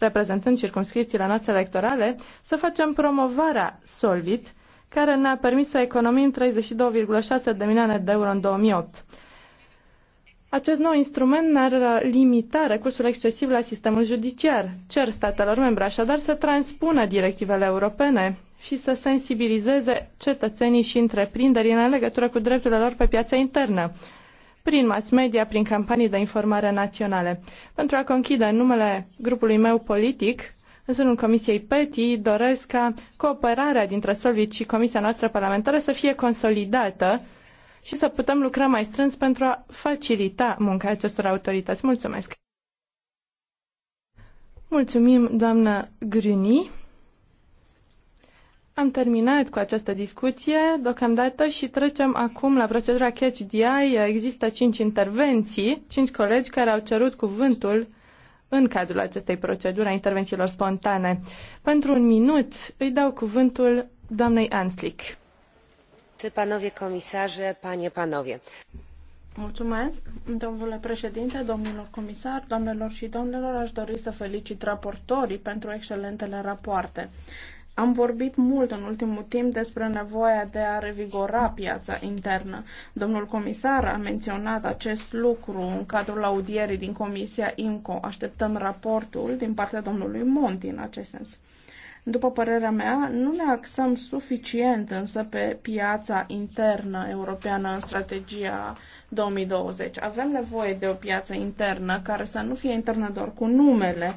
Speaker 4: reprezentând circunscripțiile noastre electorale, să facem promovarea Solvit, care ne-a permis să economim 32,6 de milioane de euro în 2008. Acest nou instrument ne-ar uh, limita recursul excesiv la sistemul judiciar. Cer statelor membre așadar să transpună directivele europene și să sensibilizeze cetățenii și întreprinderii în legătură cu drepturile lor pe piața internă prin mass media, prin campanii de informare naționale. Pentru a conchide în numele grupului meu politic, în sânul Comisiei PETI, doresc ca cooperarea dintre Solvit și Comisia noastră parlamentară să fie consolidată și să putem lucra mai strâns pentru a facilita munca acestor autorități. Mulțumesc! Mulțumim, doamnă Gruni. Am terminat cu această discuție deocamdată și trecem acum la procedura Catch DI. Există cinci intervenții, cinci colegi care au cerut cuvântul în cadrul acestei proceduri a intervențiilor spontane. Pentru un minut îi dau cuvântul doamnei Anslick.
Speaker 2: Păi, panowie komisarze, panie panowie.
Speaker 3: Mulțumesc, domnule președinte, domnilor comisar, doamnelor și domnilor, aș dori să felicit raportorii pentru excelentele rapoarte. Am vorbit mult în ultimul timp despre nevoia de a revigora piața internă. Domnul comisar a menționat acest lucru în cadrul audierii din Comisia IMCO. Așteptăm raportul din partea domnului Monti în acest sens. După părerea mea, nu ne axăm suficient însă pe piața internă europeană în strategia 2020. Avem nevoie de o piață internă care să nu fie internă doar cu numele,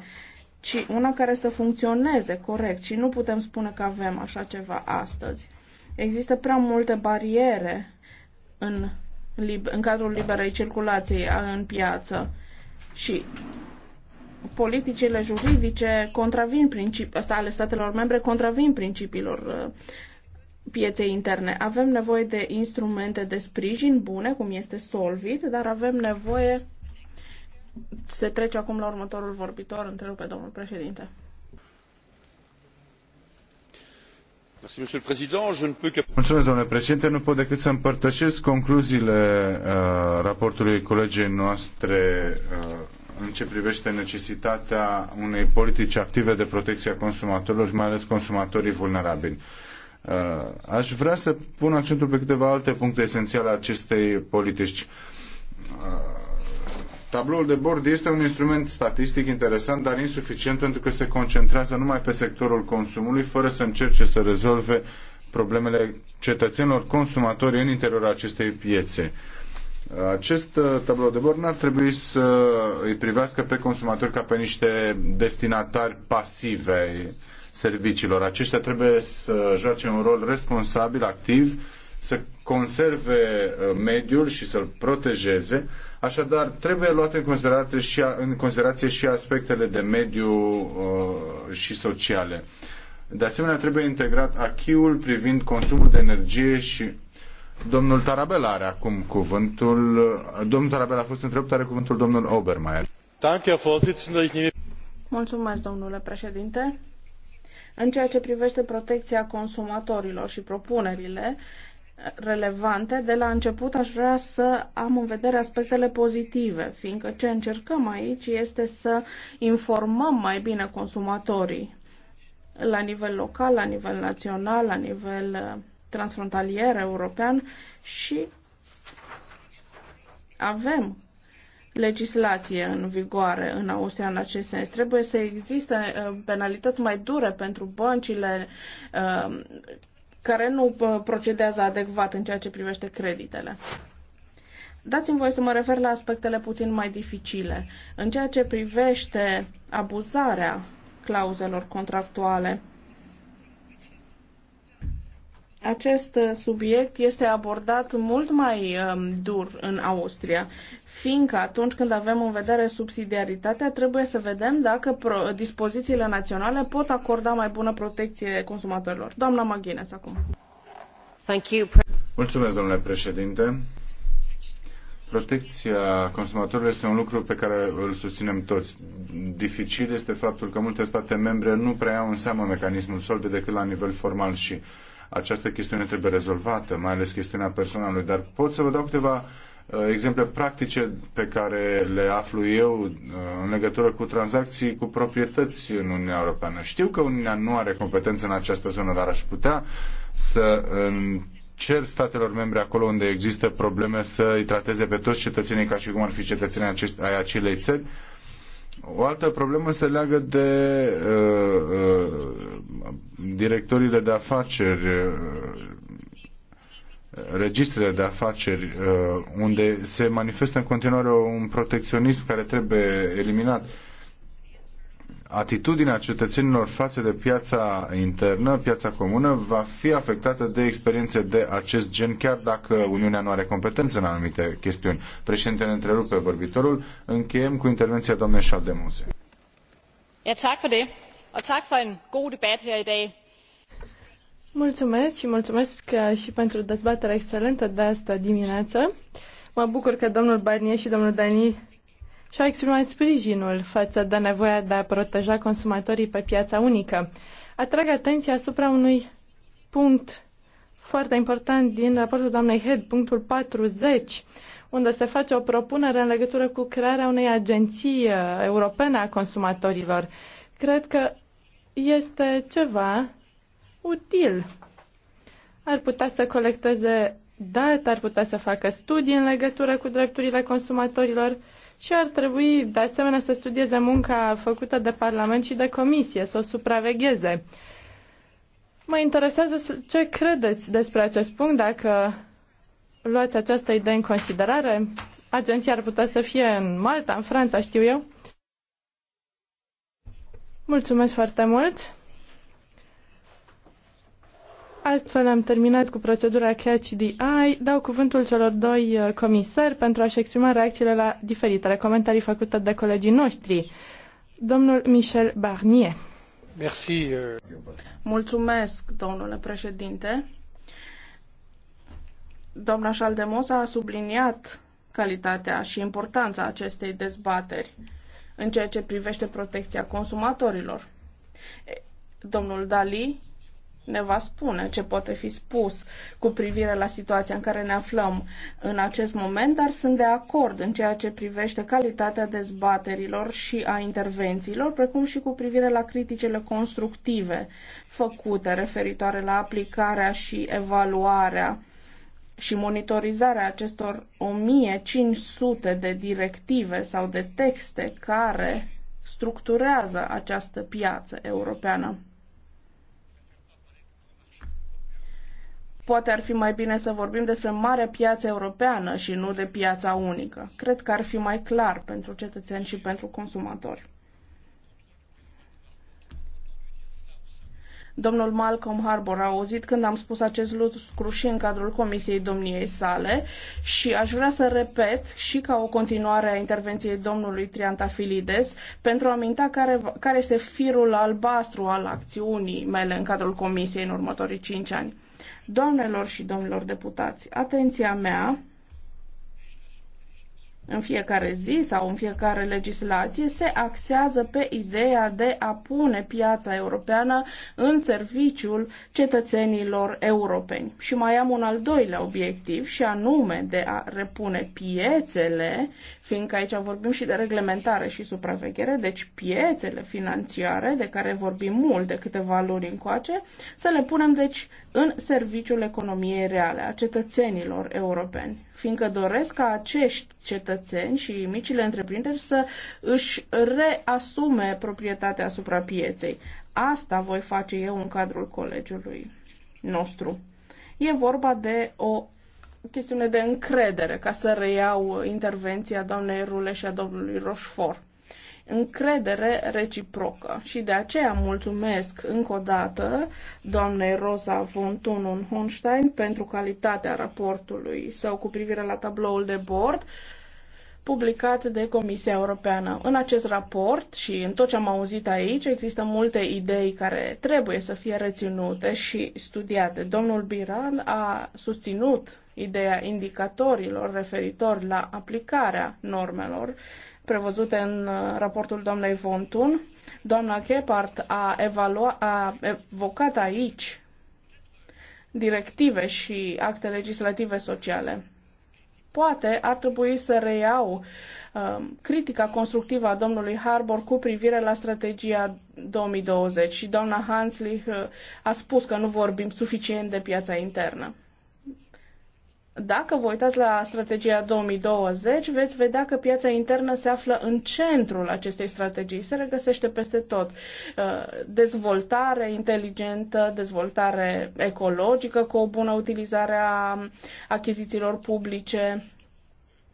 Speaker 3: ci una care să funcționeze corect și nu putem spune că avem așa ceva astăzi. Există prea multe bariere în, în cadrul liberei circulației în piață și politicile juridice contravin principii, ale statelor membre contravin principiilor uh, pieței interne. Avem nevoie de instrumente de sprijin bune, cum este Solvit, dar avem nevoie se trece acum la următorul vorbitor, întrerupe domnul președinte.
Speaker 1: Mulțumesc, domnule președinte. Nu pot decât să împărtășesc concluziile uh, raportului colegii noastre uh, în ce privește necesitatea unei politici active de protecție a consumatorilor, mai ales consumatorii vulnerabili. Uh, aș vrea să pun accentul pe câteva alte puncte esențiale acestei politici. Uh, Tabloul de bord este un instrument statistic interesant, dar insuficient pentru că se concentrează numai pe sectorul consumului, fără să încerce să rezolve problemele cetățenilor consumatori în interiorul acestei piețe. Acest uh, tablou de bord n-ar trebui să îi privească pe consumatori ca pe niște destinatari pasive serviciilor. Aceștia trebuie să joace un rol responsabil, activ, să conserve uh, mediul și să-l protejeze, Așadar, trebuie luate în considerație și, în considerație și aspectele de mediu uh, și sociale. De asemenea, trebuie integrat achiul privind consumul de energie și domnul Tarabella are acum cuvântul. Domnul Tarabella a fost întrebat are cuvântul domnul Obermeier.
Speaker 3: Mulțumesc, domnule președinte. În ceea ce privește protecția consumatorilor și propunerile, relevante, de la început aș vrea să am în vedere aspectele pozitive, fiindcă ce încercăm aici este să informăm mai bine consumatorii la nivel local, la nivel național, la nivel uh, transfrontalier european și avem legislație în vigoare în Austria în acest sens. Trebuie să existe uh, penalități mai dure pentru băncile uh, care nu uh, procedează adecvat în ceea ce privește creditele. Dați-mi voie să mă refer la aspectele puțin mai dificile. În ceea ce privește abuzarea clauzelor contractuale, acest uh, subiect este abordat mult mai um, dur în Austria, fiindcă atunci când avem în vedere subsidiaritatea, trebuie să vedem dacă dispozițiile naționale pot acorda mai bună protecție consumatorilor. Doamna Maghines, acum. Thank you.
Speaker 1: Mulțumesc, domnule președinte. Protecția consumatorilor este un lucru pe care îl susținem toți. Dificil este faptul că multe state membre nu prea au în seamă mecanismul solvit decât la nivel formal și uh, această chestiune trebuie rezolvată, mai ales chestiunea personalului, dar pot să vă dau câteva uh, exemple practice pe care le aflu eu uh, în legătură cu tranzacții cu proprietăți în Uniunea Europeană. Știu că Uniunea nu are competență în această zonă, dar aș putea să cer statelor membre acolo unde există probleme să îi trateze pe toți cetățenii ca și cum ar fi cetățenii ai acelei țări o altă problemă se leagă de uh, uh, directorile de afaceri, uh, registrele de afaceri, uh, unde se manifestă în continuare un protecționism care trebuie eliminat. Uh, atitudinea cetățenilor față de piața internă, piața comună, va fi afectată de experiențe de acest gen, chiar dacă Uniunea nu are competențe în anumite chestiuni. Președintele întrerupe vorbitorul. Încheiem cu intervenția doamnei Șaldemuse.
Speaker 3: Ja, tak for det. Og tak for en god debat her i dag.
Speaker 4: Mulțumesc și mulțumesc uh, și pentru dezbaterea excelentă de asta dimineață. Mă bucur că domnul Barnier și domnul Dani și-a exprimat sprijinul față de nevoia de a proteja consumatorii pe piața unică. Atrag atenția asupra unui punct foarte important din raportul doamnei Head, punctul 40, unde se face o propunere în legătură cu crearea unei agenții uh, europene a consumatorilor. Cred că este ceva util. Ar putea să colecteze date, ar putea să facă studii în legătură cu drepturile consumatorilor și ar trebui de asemenea să studieze munca făcută de Parlament și de Comisie, să o supravegheze. Mă interesează ce credeți despre acest punct, dacă luați această idee în considerare. Agenția ar putea să fie în Malta, în Franța, știu eu. Mulțumesc foarte mult! Astfel am terminat cu procedura Catch the Eye. Dau cuvântul celor doi uh, comisari pentru a-și exprima reacțiile la diferitele comentarii făcute de colegii noștri. Domnul Michel Barnier.
Speaker 1: Merci. Uh.
Speaker 4: Mulțumesc,
Speaker 3: domnule președinte. Doamna Șaldemos a subliniat calitatea și importanța acestei dezbateri în ceea ce privește protecția consumatorilor. Domnul Dali ne va spune ce poate fi spus cu privire la situația în care ne aflăm în acest moment, dar sunt de acord în ceea ce privește calitatea dezbaterilor și a intervențiilor, precum și cu privire la criticele constructive făcute referitoare la aplicarea și evaluarea și monitorizarea acestor 1500 de directive sau de texte care structurează această piață europeană. Poate ar fi mai bine să vorbim despre marea piață europeană și nu de piața unică. Cred că ar fi mai clar pentru cetățeni și pentru consumatori. Domnul Malcolm Harbour a auzit când am spus acest lucru și în cadrul comisiei domniei sale și aș vrea să repet și ca o continuare a intervenției domnului Triantafilides pentru a aminta care, care este firul albastru al acțiunii mele în cadrul comisiei în următorii cinci ani. Doamnelor și domnilor deputați, atenția mea în fiecare zi sau în fiecare legislație se axează pe ideea de a pune piața europeană în serviciul cetățenilor europeni. Și mai am un al doilea obiectiv și anume de a repune piețele, fiindcă aici vorbim și de reglementare și supraveghere, deci piețele financiare de care vorbim mult de câteva luni încoace, să le punem deci în serviciul economiei reale a cetățenilor europeni, fiindcă doresc ca acești cetățeni și micile întreprinderi să își reasume proprietatea asupra pieței. Asta voi face eu în cadrul colegiului nostru. E vorba de o chestiune de încredere, ca să reiau intervenția doamnei Rule și a domnului Rochefort încredere reciprocă. Și de aceea mulțumesc încă o dată doamnei Rosa von Tunun Honstein pentru calitatea raportului său cu privire la tabloul de bord publicat de Comisia Europeană. În acest raport și în tot ce am auzit aici există multe idei care trebuie să fie reținute și studiate. Domnul Biran a susținut ideea indicatorilor referitor la aplicarea normelor prevăzute în uh, raportul doamnei Vontun. Doamna Kepart a, evalua, a evocat aici directive și acte legislative sociale. Poate ar trebui să reiau uh, critica constructivă a domnului Harbour cu privire la strategia 2020 și doamna Hanslich uh, a spus că nu vorbim suficient de piața internă. Dacă vă uitați la strategia 2020, veți vedea că piața internă se află în centrul acestei strategii. Se regăsește peste tot. Uh, dezvoltare inteligentă, dezvoltare ecologică cu o bună utilizare a achizițiilor publice,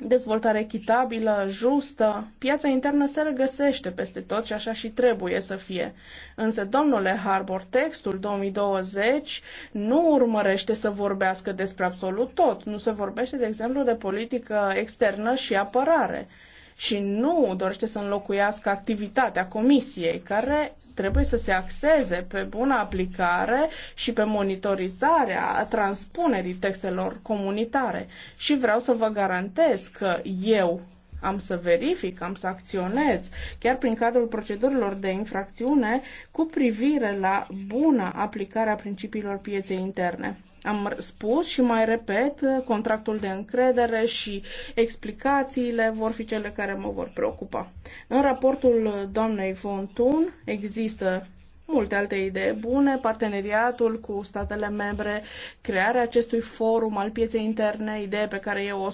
Speaker 3: dezvoltare echitabilă, justă. Piața internă se regăsește peste tot și așa și trebuie să fie. Însă, domnule Harbour, textul 2020 nu urmărește să vorbească despre absolut tot. Nu se vorbește, de exemplu, de politică externă și apărare și nu dorește să înlocuiască activitatea comisiei, care trebuie să se axeze pe bună aplicare și pe monitorizarea transpunerii textelor comunitare. Și vreau să vă garantez că eu am să verific, am să acționez, chiar prin cadrul procedurilor de infracțiune, cu privire la bună aplicare a principiilor pieței interne am spus și mai repet, contractul de încredere și explicațiile vor fi cele care mă vor preocupa. În raportul doamnei Fontun există multe alte idei bune, parteneriatul cu statele membre, crearea acestui forum al pieței interne, idee pe care eu o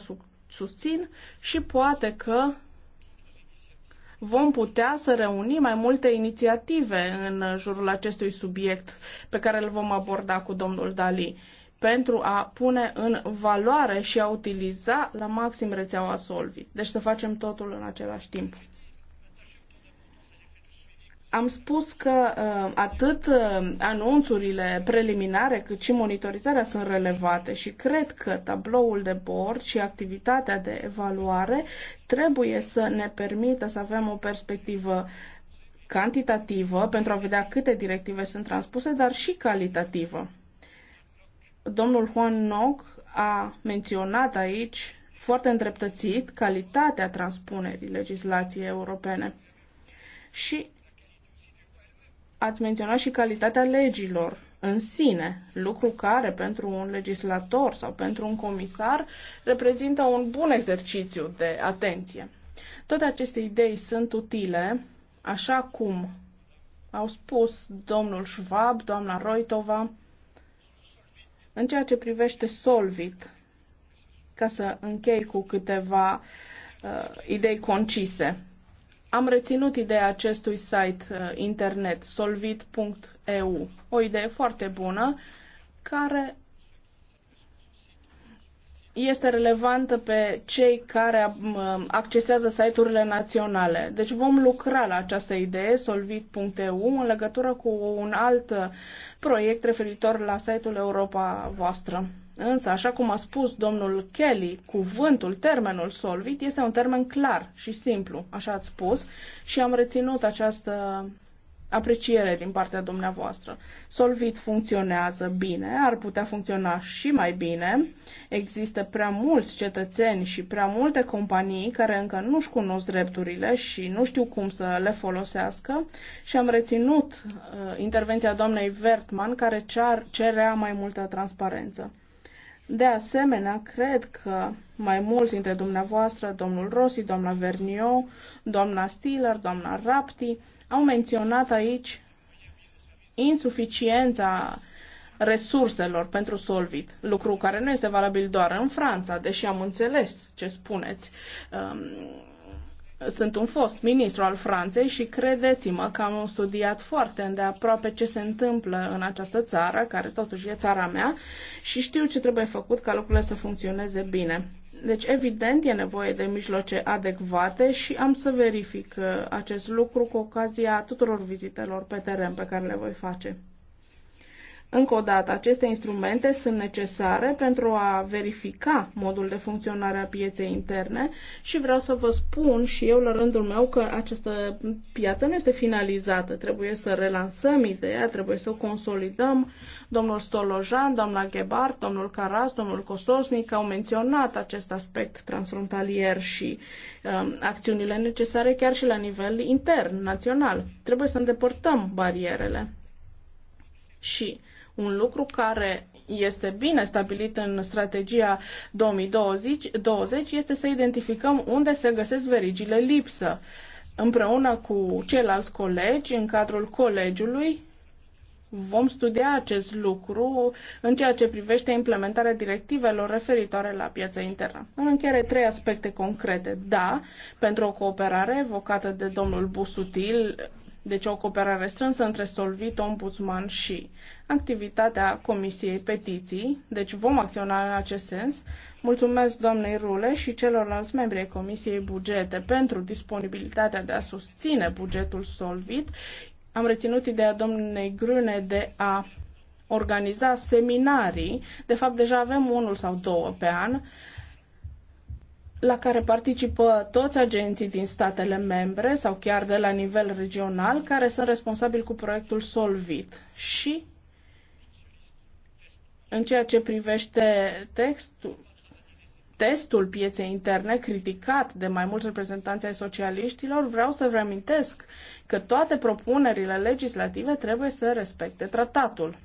Speaker 3: susțin și poate că vom putea să reunim mai multe inițiative în jurul acestui subiect pe care îl vom aborda cu domnul Dali pentru a pune în valoare și a utiliza la maxim rețeaua solvi. Deci să facem totul în același timp. Am spus că uh, atât uh, anunțurile preliminare cât și monitorizarea sunt relevate și cred că tabloul de bord și activitatea de evaluare trebuie să ne permită să avem o perspectivă cantitativă pentru a vedea câte directive sunt transpuse, dar și calitativă. Domnul Juan Noc a menționat aici foarte îndreptățit calitatea transpunerii legislației europene. Și ați menționat și calitatea legilor în sine, lucru care pentru un legislator sau pentru un comisar reprezintă un bun exercițiu de atenție. Toate aceste idei sunt utile, așa cum au spus domnul Schwab, doamna Roitova, în ceea ce privește Solvit, ca să închei cu câteva uh, idei concise, am reținut ideea acestui site uh, internet solvit.eu, o idee foarte bună care este relevantă pe cei care um, accesează site-urile naționale. Deci vom lucra la această idee, solvit.eu, în legătură cu un alt uh, proiect referitor la site-ul Europa voastră. Însă, așa cum a spus domnul Kelly, cuvântul, termenul solvit este un termen clar și simplu, așa ați spus, și am reținut această apreciere din partea dumneavoastră. Solvit funcționează bine, ar putea funcționa și mai bine. Există prea mulți cetățeni și prea multe companii care încă nu-și cunosc drepturile și nu știu cum să le folosească și am reținut uh, intervenția doamnei Vertman care cear, cerea mai multă transparență. De asemenea, cred că mai mulți dintre dumneavoastră, domnul Rossi, doamna Vernio, doamna Stiller, doamna Rapti, au menționat aici insuficiența resurselor pentru Solvit, lucru care nu este valabil doar în Franța, deși am înțeles ce spuneți. Um, sunt un fost ministru al Franței și credeți-mă că am studiat foarte îndeaproape ce se întâmplă în această țară, care totuși e țara mea, și știu ce trebuie făcut ca lucrurile să funcționeze bine. Deci, evident, e nevoie de mijloace adecvate și am să verific uh, acest lucru cu ocazia tuturor vizitelor pe teren pe care le voi face. Încă o dată, aceste instrumente sunt necesare pentru a verifica modul de funcționare a pieței interne și vreau să vă spun și eu la rândul meu că această piață nu este finalizată. Trebuie să relansăm ideea, trebuie să o consolidăm. Domnul Stolojan, doamna Ghebar, domnul Caras, domnul Costosnic au menționat acest aspect transfrontalier și um, acțiunile necesare chiar și la nivel intern, național. Trebuie să îndepărtăm barierele. Și un lucru care este bine stabilit în strategia 2020 20 este să identificăm unde se găsesc verigile lipsă. Împreună cu ceilalți colegi, în cadrul colegiului, vom studia acest lucru în ceea ce privește implementarea directivelor referitoare la piața internă. În încheiere, trei aspecte concrete. Da, pentru o cooperare evocată de domnul Busutil, deci o cooperare strânsă între Solvit, Ombudsman și activitatea Comisiei Petiții, deci vom acționa în acest sens. Mulțumesc doamnei Rule și celorlalți membri ai Comisiei Bugete pentru disponibilitatea de a susține bugetul solvit. Am reținut ideea domnei Grune de a organiza seminarii, de fapt deja avem unul sau două pe an, la care participă toți agenții din statele membre sau chiar de la nivel regional care sunt responsabili cu proiectul Solvit și în ceea ce privește textul, testul pieței interne, criticat de mai mulți reprezentanți ai socialiștilor, vreau să vă amintesc că toate propunerile legislative trebuie să respecte tratatul.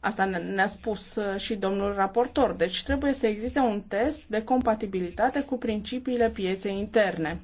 Speaker 3: Asta ne-a spus uh, și domnul raportor. Deci trebuie să existe un test de compatibilitate cu principiile pieței interne.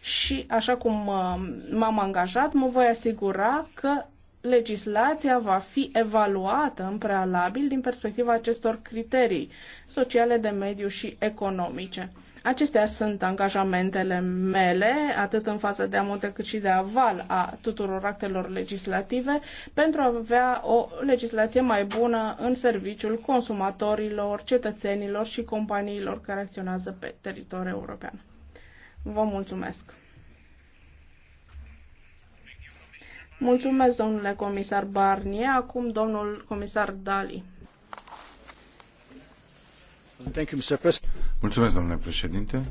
Speaker 3: Și așa cum uh, m-am angajat, mă voi asigura că legislația va fi evaluată în prealabil din perspectiva acestor criterii sociale, de mediu și economice. Acestea sunt angajamentele mele, atât în fața de amont cât și de aval a tuturor actelor legislative, pentru a avea o legislație mai bună în serviciul consumatorilor, cetățenilor și companiilor care acționează pe teritoriul european. Vă mulțumesc! Mulțumesc, domnule comisar Barnier. Acum, domnul comisar Dali.
Speaker 1: Mulțumesc, domnule președinte.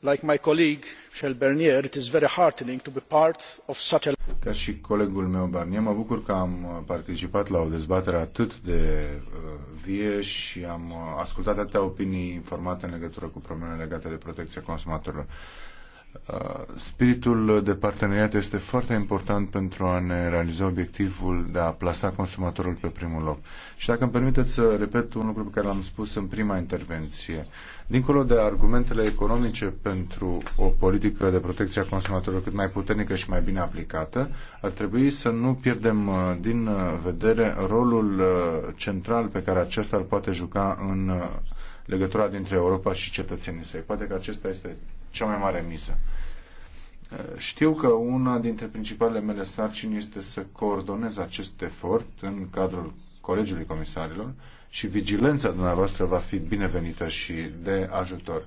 Speaker 1: Like my colleague, Michel Barnier, it is very heartening to be part of such a... Ca și colegul meu Barnier, mă bucur că am participat la o dezbatere atât de uh, vie și am uh, ascultat atâtea opinii informate în legătură cu problemele legate de protecția consumatorilor. Uh, spiritul de parteneriat este foarte important pentru a ne realiza obiectivul de a plasa consumatorul pe primul loc. Și dacă îmi permiteți să repet un lucru pe care l-am spus în prima intervenție. Dincolo de argumentele economice pentru o politică de protecție a consumatorilor cât mai puternică și mai bine aplicată, ar trebui să nu pierdem uh, din uh, vedere rolul central pe care acesta îl poate juca în legătura dintre Europa și cetățenii săi. Poate că acesta este cea mai mare miză. Eh, știu că una dintre principalele mele sarcini este să coordonez acest efort în cadrul Colegiului Comisarilor și vigilența dumneavoastră va fi binevenită și de ajutor.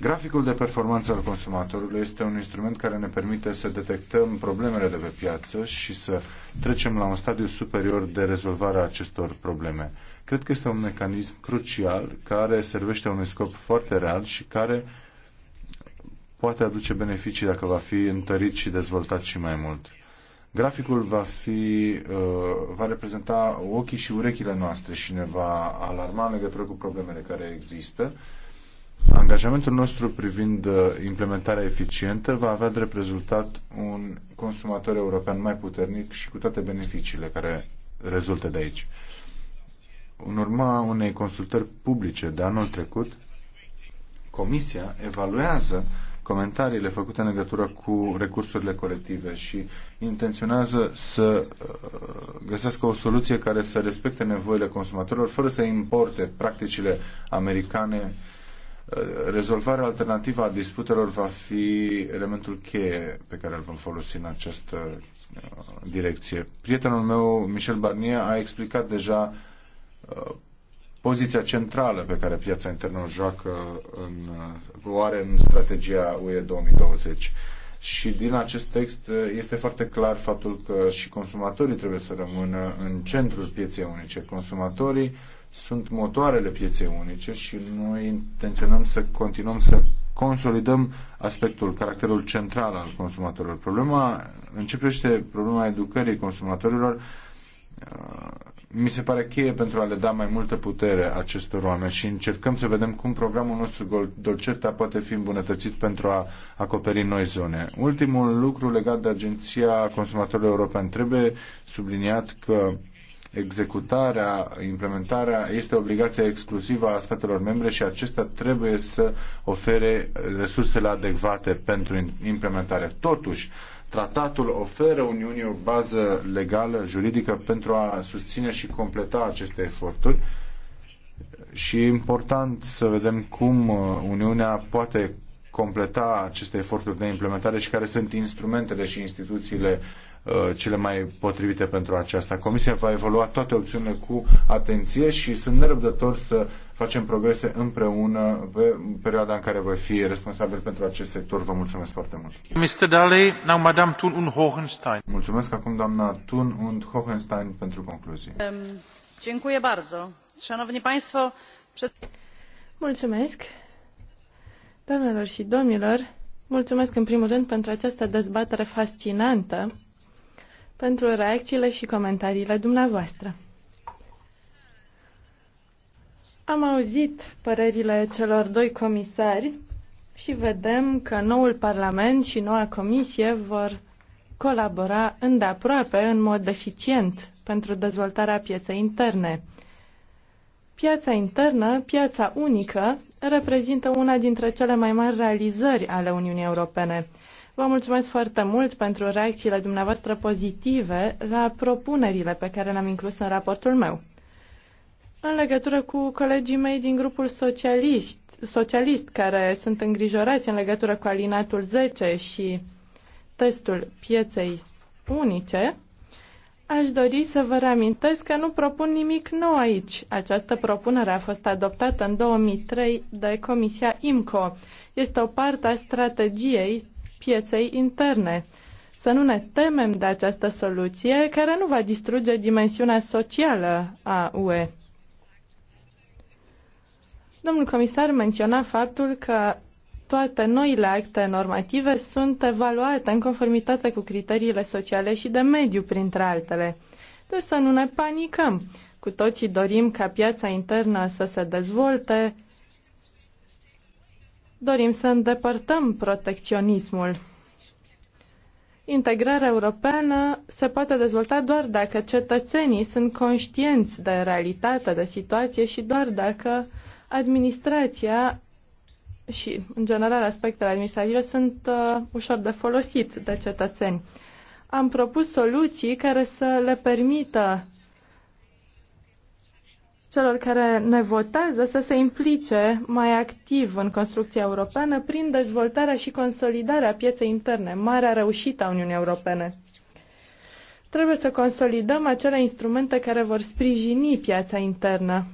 Speaker 1: Graficul de performanță al consumatorului este un instrument care ne permite să detectăm problemele de pe piață și să trecem la un stadiu superior de rezolvare a acestor probleme. Cred că este un mecanism crucial care servește unui scop foarte real și care poate aduce beneficii dacă va fi întărit și dezvoltat și mai mult. Graficul va, fi, uh, va reprezenta ochii și urechile noastre și ne va alarma în legătură cu problemele care există. Angajamentul nostru privind uh, implementarea eficientă va avea drept rezultat un consumator european mai puternic și cu toate beneficiile care rezultă de aici. În urma unei consultări publice de anul trecut, Comisia evaluează comentariile făcute în legătură cu recursurile colective și intenționează să uh, găsească o soluție care să respecte nevoile consumatorilor fără să importe practicile americane. Uh, rezolvarea alternativă a disputelor va fi elementul cheie pe care îl vom folosi în această uh, direcție. Prietenul meu, Michel Barnier, a explicat deja poziția centrală pe care piața internă o joacă în, o are în strategia UE 2020. Și din acest text este foarte clar faptul că și consumatorii trebuie să rămână în centrul pieței unice. Consumatorii sunt motoarele pieței unice și noi intenționăm să continuăm să consolidăm aspectul, caracterul central al consumatorilor. Problema, începește problema educării consumatorilor, mi se pare cheie pentru a le da mai multă putere acestor oameni și încercăm să vedem cum programul nostru Dolceta poate fi îmbunătățit pentru a acoperi noi zone. Ultimul lucru legat de Agenția Consumatorilor Europeni trebuie subliniat că executarea, implementarea este obligația exclusivă a statelor membre și acestea trebuie să ofere resursele adecvate pentru implementare. Totuși, Tratatul oferă Uniunii o bază legală, juridică, pentru a susține și completa aceste eforturi și e important să vedem cum uh, Uniunea poate completa aceste eforturi de implementare și care sunt instrumentele și instituțiile Uh, cele mai potrivite pentru aceasta. Comisia va evolua toate opțiunile cu atenție și sunt nerăbdător să facem progrese împreună pe perioada în care voi fi responsabil pentru acest sector. Vă mulțumesc foarte mult. Mr. Daly, now Madame Thun und Hohenstein. Mulțumesc acum doamna Thun und Hohenstein pentru concluzie.
Speaker 4: dziękuję bardzo. Szanowni Państwo, Mulțumesc. Doamnelor și domnilor, mulțumesc în primul rând pentru această dezbatere fascinantă pentru reacțiile și comentariile dumneavoastră. Am auzit părerile celor doi comisari și vedem că noul Parlament și noua Comisie vor colabora îndeaproape în mod eficient pentru dezvoltarea pieței interne. Piața internă, piața unică, reprezintă una dintre cele mai mari realizări ale Uniunii Europene Vă mulțumesc foarte mult pentru reacțiile dumneavoastră pozitive la propunerile pe care le-am inclus în raportul meu. În legătură cu colegii mei din grupul socialist, socialist care sunt îngrijorați în legătură cu alinatul 10 și testul pieței unice, Aș dori să vă reamintesc că nu propun nimic nou aici. Această propunere a fost adoptată în 2003 de Comisia IMCO. Este o parte a strategiei pieței interne. Să nu ne temem de această soluție care nu va distruge dimensiunea socială a UE. Domnul comisar menționa faptul că toate noile acte normative sunt evaluate în conformitate cu criteriile sociale și de mediu, printre altele. Deci să nu ne panicăm. Cu toții dorim ca piața internă să se dezvolte, Dorim să îndepărtăm protecționismul. Integrarea europeană se poate dezvolta doar dacă cetățenii sunt conștienți de realitatea, de situație și doar dacă administrația și, în general, aspectele administrative sunt uh, ușor de folosit de cetățeni. Am propus soluții care să le permită celor care ne votează să se implice mai activ în construcția europeană prin dezvoltarea și consolidarea pieței interne, marea reușită a Uniunii Europene. Trebuie să consolidăm acele instrumente care vor sprijini piața internă.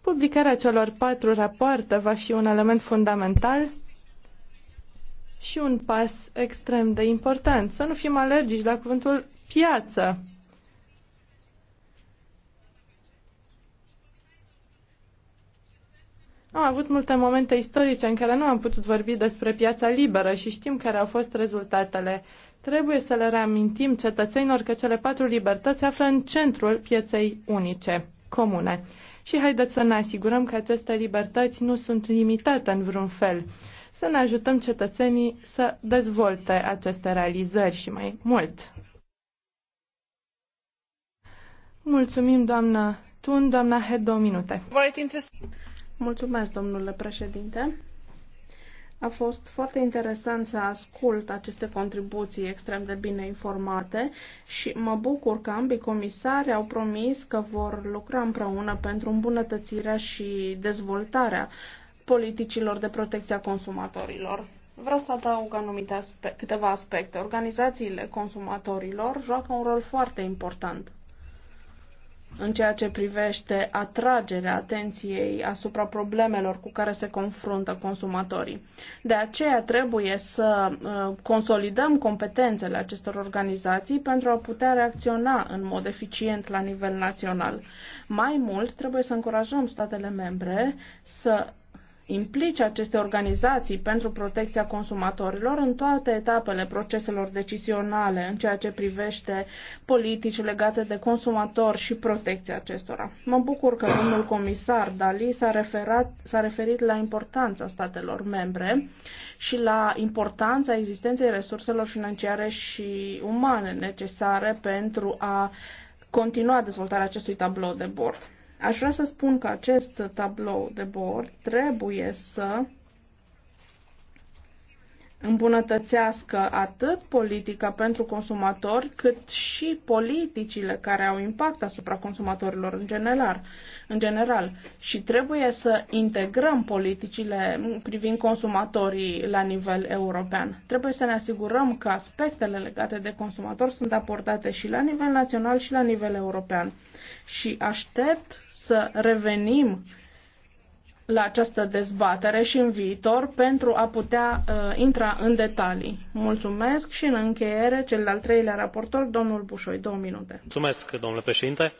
Speaker 4: Publicarea celor patru rapoarte va fi un element fundamental și un pas extrem de important. Să nu fim alergici la cuvântul piață Am avut multe momente istorice în care nu am putut vorbi despre piața liberă și știm care au fost rezultatele. Trebuie să le reamintim cetățenilor că cele patru libertăți se află în centrul pieței unice, comune. Și haideți să ne asigurăm că aceste libertăți nu sunt limitate în vreun fel. Să ne ajutăm cetățenii să dezvolte aceste realizări și mai mult. Mulțumim, doamnă Tun, doamna Hed, două minute.
Speaker 3: Mulțumesc, domnule
Speaker 4: președinte.
Speaker 3: A fost foarte interesant să ascult aceste contribuții extrem de bine informate și mă bucur că ambii comisari au promis că vor lucra împreună pentru îmbunătățirea și dezvoltarea politicilor de protecție a consumatorilor. Vreau să adaug anumite aspect, câteva aspecte. Organizațiile consumatorilor joacă un rol foarte important în ceea ce privește atragerea atenției asupra problemelor cu care se confruntă consumatorii. De aceea trebuie să uh, consolidăm competențele acestor organizații pentru a putea reacționa în mod eficient la nivel național. Mai mult, trebuie să încurajăm statele membre să implice aceste organizații pentru protecția consumatorilor în toate etapele proceselor decizionale, în ceea ce privește politici legate de consumator și protecția acestora. Mă bucur că domnul comisar Dali s-a, referat, s-a referit la importanța statelor membre și la importanța existenței resurselor financiare și umane necesare pentru a continua dezvoltarea acestui tablou de bord. Aș vrea să spun că acest tablou de bord trebuie să îmbunătățească atât politica pentru consumatori, cât și politicile care au impact asupra consumatorilor în general. În general. Și trebuie să integrăm politicile privind consumatorii la nivel european. Trebuie să ne asigurăm că aspectele legate de consumatori sunt abordate și la nivel național și la nivel european și aștept să revenim la această dezbatere și în viitor pentru a putea uh, intra în detalii. Mulțumesc și în încheiere cel de-al treilea raportor, domnul Bușoi. Două minute.
Speaker 2: Mulțumesc, domnule președinte.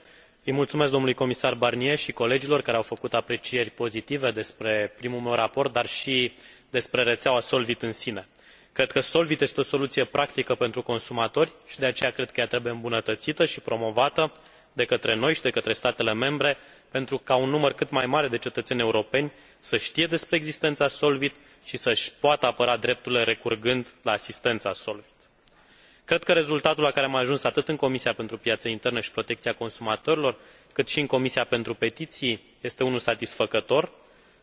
Speaker 2: Îi mulțumesc domnului comisar Barnier și colegilor care au făcut aprecieri pozitive despre primul meu raport, dar și despre rețeaua Solvit în sine. Cred că Solvit este o soluție practică pentru consumatori și de aceea cred că ea trebuie îmbunătățită și promovată de către noi i de către statele membre pentru ca un număr cât mai mare de cetăeni europeni să tie despre existena solvit i să îi poată apăra drepturile recurgând la asistena solvit. cred că rezultatul la care am ajuns atât în comisia pentru piaa internă i protecia consumatorilor cât i în comisia pentru petiii este unul satisfăcător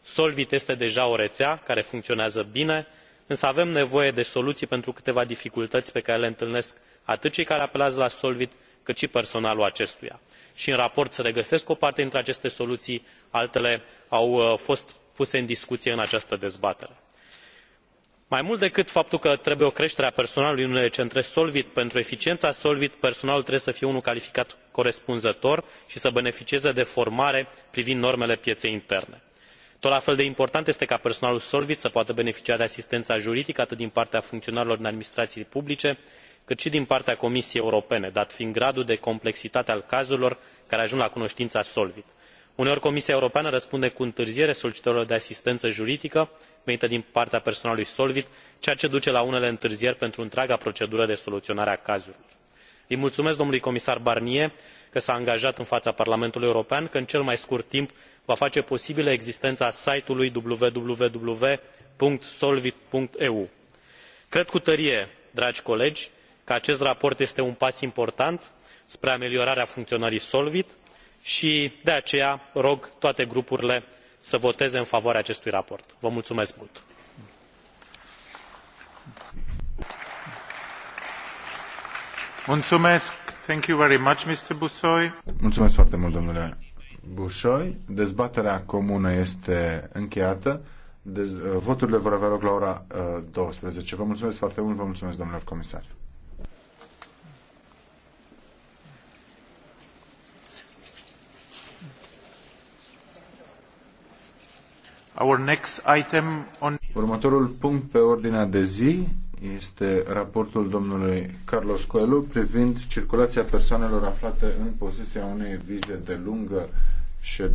Speaker 2: solvit este deja o reea care funcionează bine însă avem nevoie de soluii pentru câteva dificultăi pe care le întâlnesc atât cei care apelează la solvit cât i personalul acestuia i în raport se regăsesc o parte dintre aceste soluii altele au uh, fost puse în discuie în această dezbatere. mai mult decât faptul că trebuie o cretere a personalului în unele centre solvit pentru eficiena solvit personalul trebuie să fie unul calificat corespunzător i să beneficieze de formare privind normele pieei interne. tot la fel de important este ca personalul solvit să poată beneficia de asistena juridică atât din partea funcionarilor din administraiile publice cât i din partea comisiei europene dat fiind gradul de complexitate al cazurilor care ajung la cunotina solvit. uneori comisia europeană răspunde cu întârziere solicitărilor de asistenă juridică venite din partea personalului solvit ceea ce duce la unele întârzieri pentru întreaga procedură de soluionare a cazurilor. îi mulumesc domnului comisar barnier că s a angajat în faa parlamentului european că în cel mai scurt timp va face posibilă existena site ului www solvit eu. cred cu tărie dragi colegi că acest raport este un pas important spre ameliorarea funcionării solvit i de aceea rog toate grupurile să voteze în favoarea acestui raport. vă mulumesc mult!
Speaker 1: Mulțumesc. Thank you very much, Mr. Busoy. Mulțumesc foarte mult, domnule Bușoi. Dezbaterea comună este încheiată. Voturile vor avea loc la ora 12. Uh, vă mulțumesc foarte mult, vă mulțumesc, domnilor comisari. Următorul punct pe ordinea de zi este raportul domnului Carlos Coelho privind circulația persoanelor aflate în posesia unei vize de lungă ședere.